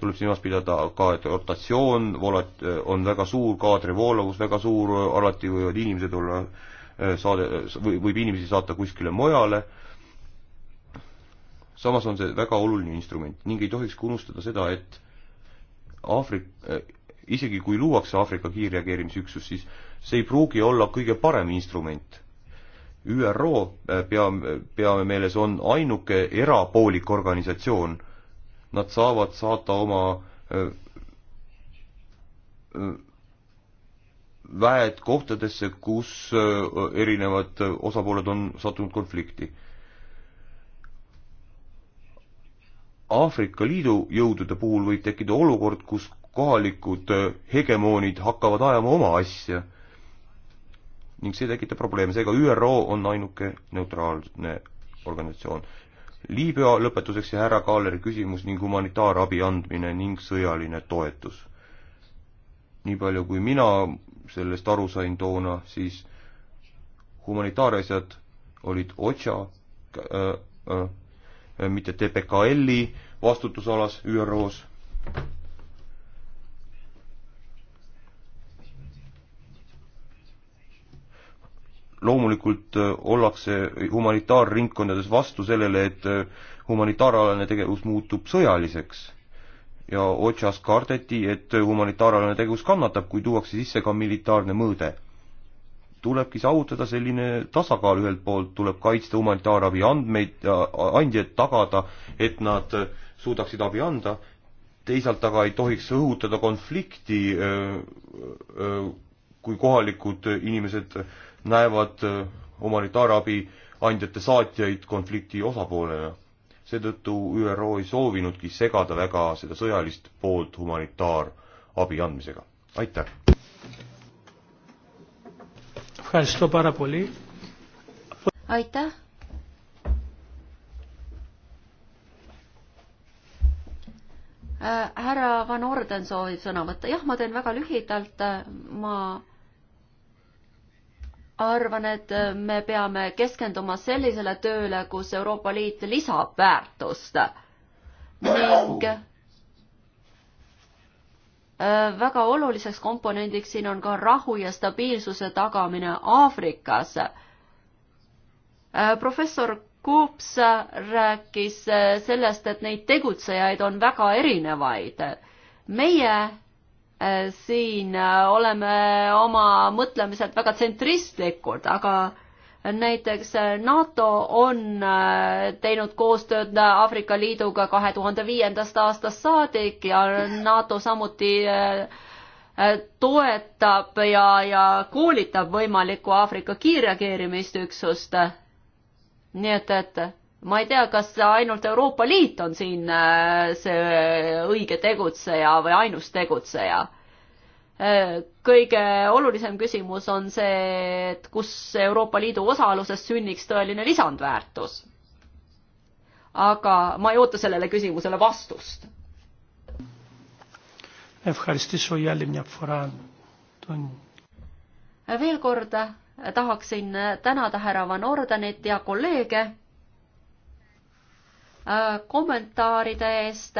tuleb silmas pidada ka, et rotatsioon volat-, on väga suur, kaadrivoolavus väga suur, alati võivad inimesed olla äh, saade, või võib inimesi saata kuskile mujale, samas on see väga oluline instrument ning ei tohiks ka unustada seda, et Aafrik-, äh, isegi kui luuakse Aafrika kiirreageerimisüksus, siis see ei pruugi olla kõige parem instrument. ÜRO, äh, pea, peame meeles, on ainuke erapoolik organisatsioon. Nad saavad saata oma äh, äh, väed kohtadesse, kus erinevad osapooled on sattunud konflikti Aafrika Liidu jõudude puhul võib tekkida olukord, kus kohalikud hegemoonid hakkavad ajama oma asja ning see tekitab probleeme, seega ÜRO on ainuke neutraalne organisatsioon. Liibüa lõpetuseks ja härra Kaaleri küsimus ning humanitaarabi andmine ning sõjaline toetus. nii palju, kui mina sellest aru sain toona, siis humanitaarasjad olid OTSA äh,, äh, mitte TPKL-i vastutusalas ÜRO-s loomulikult äh, ollakse humanitaarringkondades vastu sellele, et äh, humanitaaralane tegevus muutub sõjaliseks. ja Otsas kardeti, et äh, humanitaaralane tegevus kannatab, kui tuuakse sisse ka militaarne mõõde. tulebki saavutada selline tasakaal, ühelt poolt tuleb kaitsta humanitaarabi andmeid, andjaid tagada, et nad suudaksid abi anda, teisalt aga ei tohiks õhutada konflikti, kui kohalikud inimesed öö, näevad äh, humanitaarabi andjate saatjaid konflikti osapoolena. seetõttu ÜRO ei soovinudki segada väga seda sõjalist poolt humanitaarabi andmisega. aitäh! aitäh! Äh, härra Van Orden soovib sõna võtta. jah, ma teen väga lühidalt, äh, ma arvan, et äh, me peame keskenduma sellisele tööle, kus Euroopa Liit lisab väärtust ning äh, väga oluliseks komponendiks siin on ka rahu ja stabiilsuse tagamine Aafrikas. Äh, professor Kuups rääkis sellest, et neid tegutsejaid on väga erinevaid. meie Äh, siin äh, oleme oma mõtlemiselt väga tsentristlikud, aga näiteks äh, NATO on teinud koostööd Aafrika Liiduga kahe tuhande viiendast aastast saadik ja NATO samuti toetab ja, ja koolitab võimalikku Aafrika kiirreageerimisüksust. nii et, et ma ei tea, kas ainult Euroopa Liit on siin äh, see õige tegutseja või ainus tegutseja. Äh, kõige olulisem küsimus on see, et kus Euroopa Liidu osaluses sünniks tõeline lisandväärtus. aga ma ei oota sellele küsimusele vastust. veel kord tahaksin tänada härra Van Ordenit ja kolleege Äh, kommentaaride eest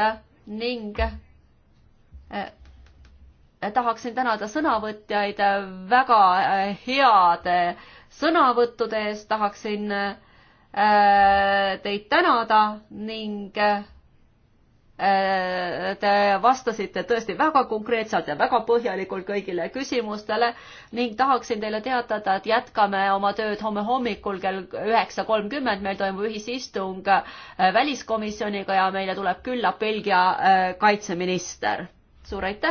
ning äh, tahaksin tänada sõnavõtjaid väga äh, heade sõnavõttude eest, tahaksin teid tänada ning Te vastasite tõesti väga konkreetselt ja väga põhjalikult kõigile küsimustele ning tahaksin teile teatada, et jätkame oma tööd homme hommikul kell üheksa kolmkümmend, meil toimub ühisistung väliskomisjoniga ja meile tuleb külla Belgia äh, kaitseminister. suur aitäh!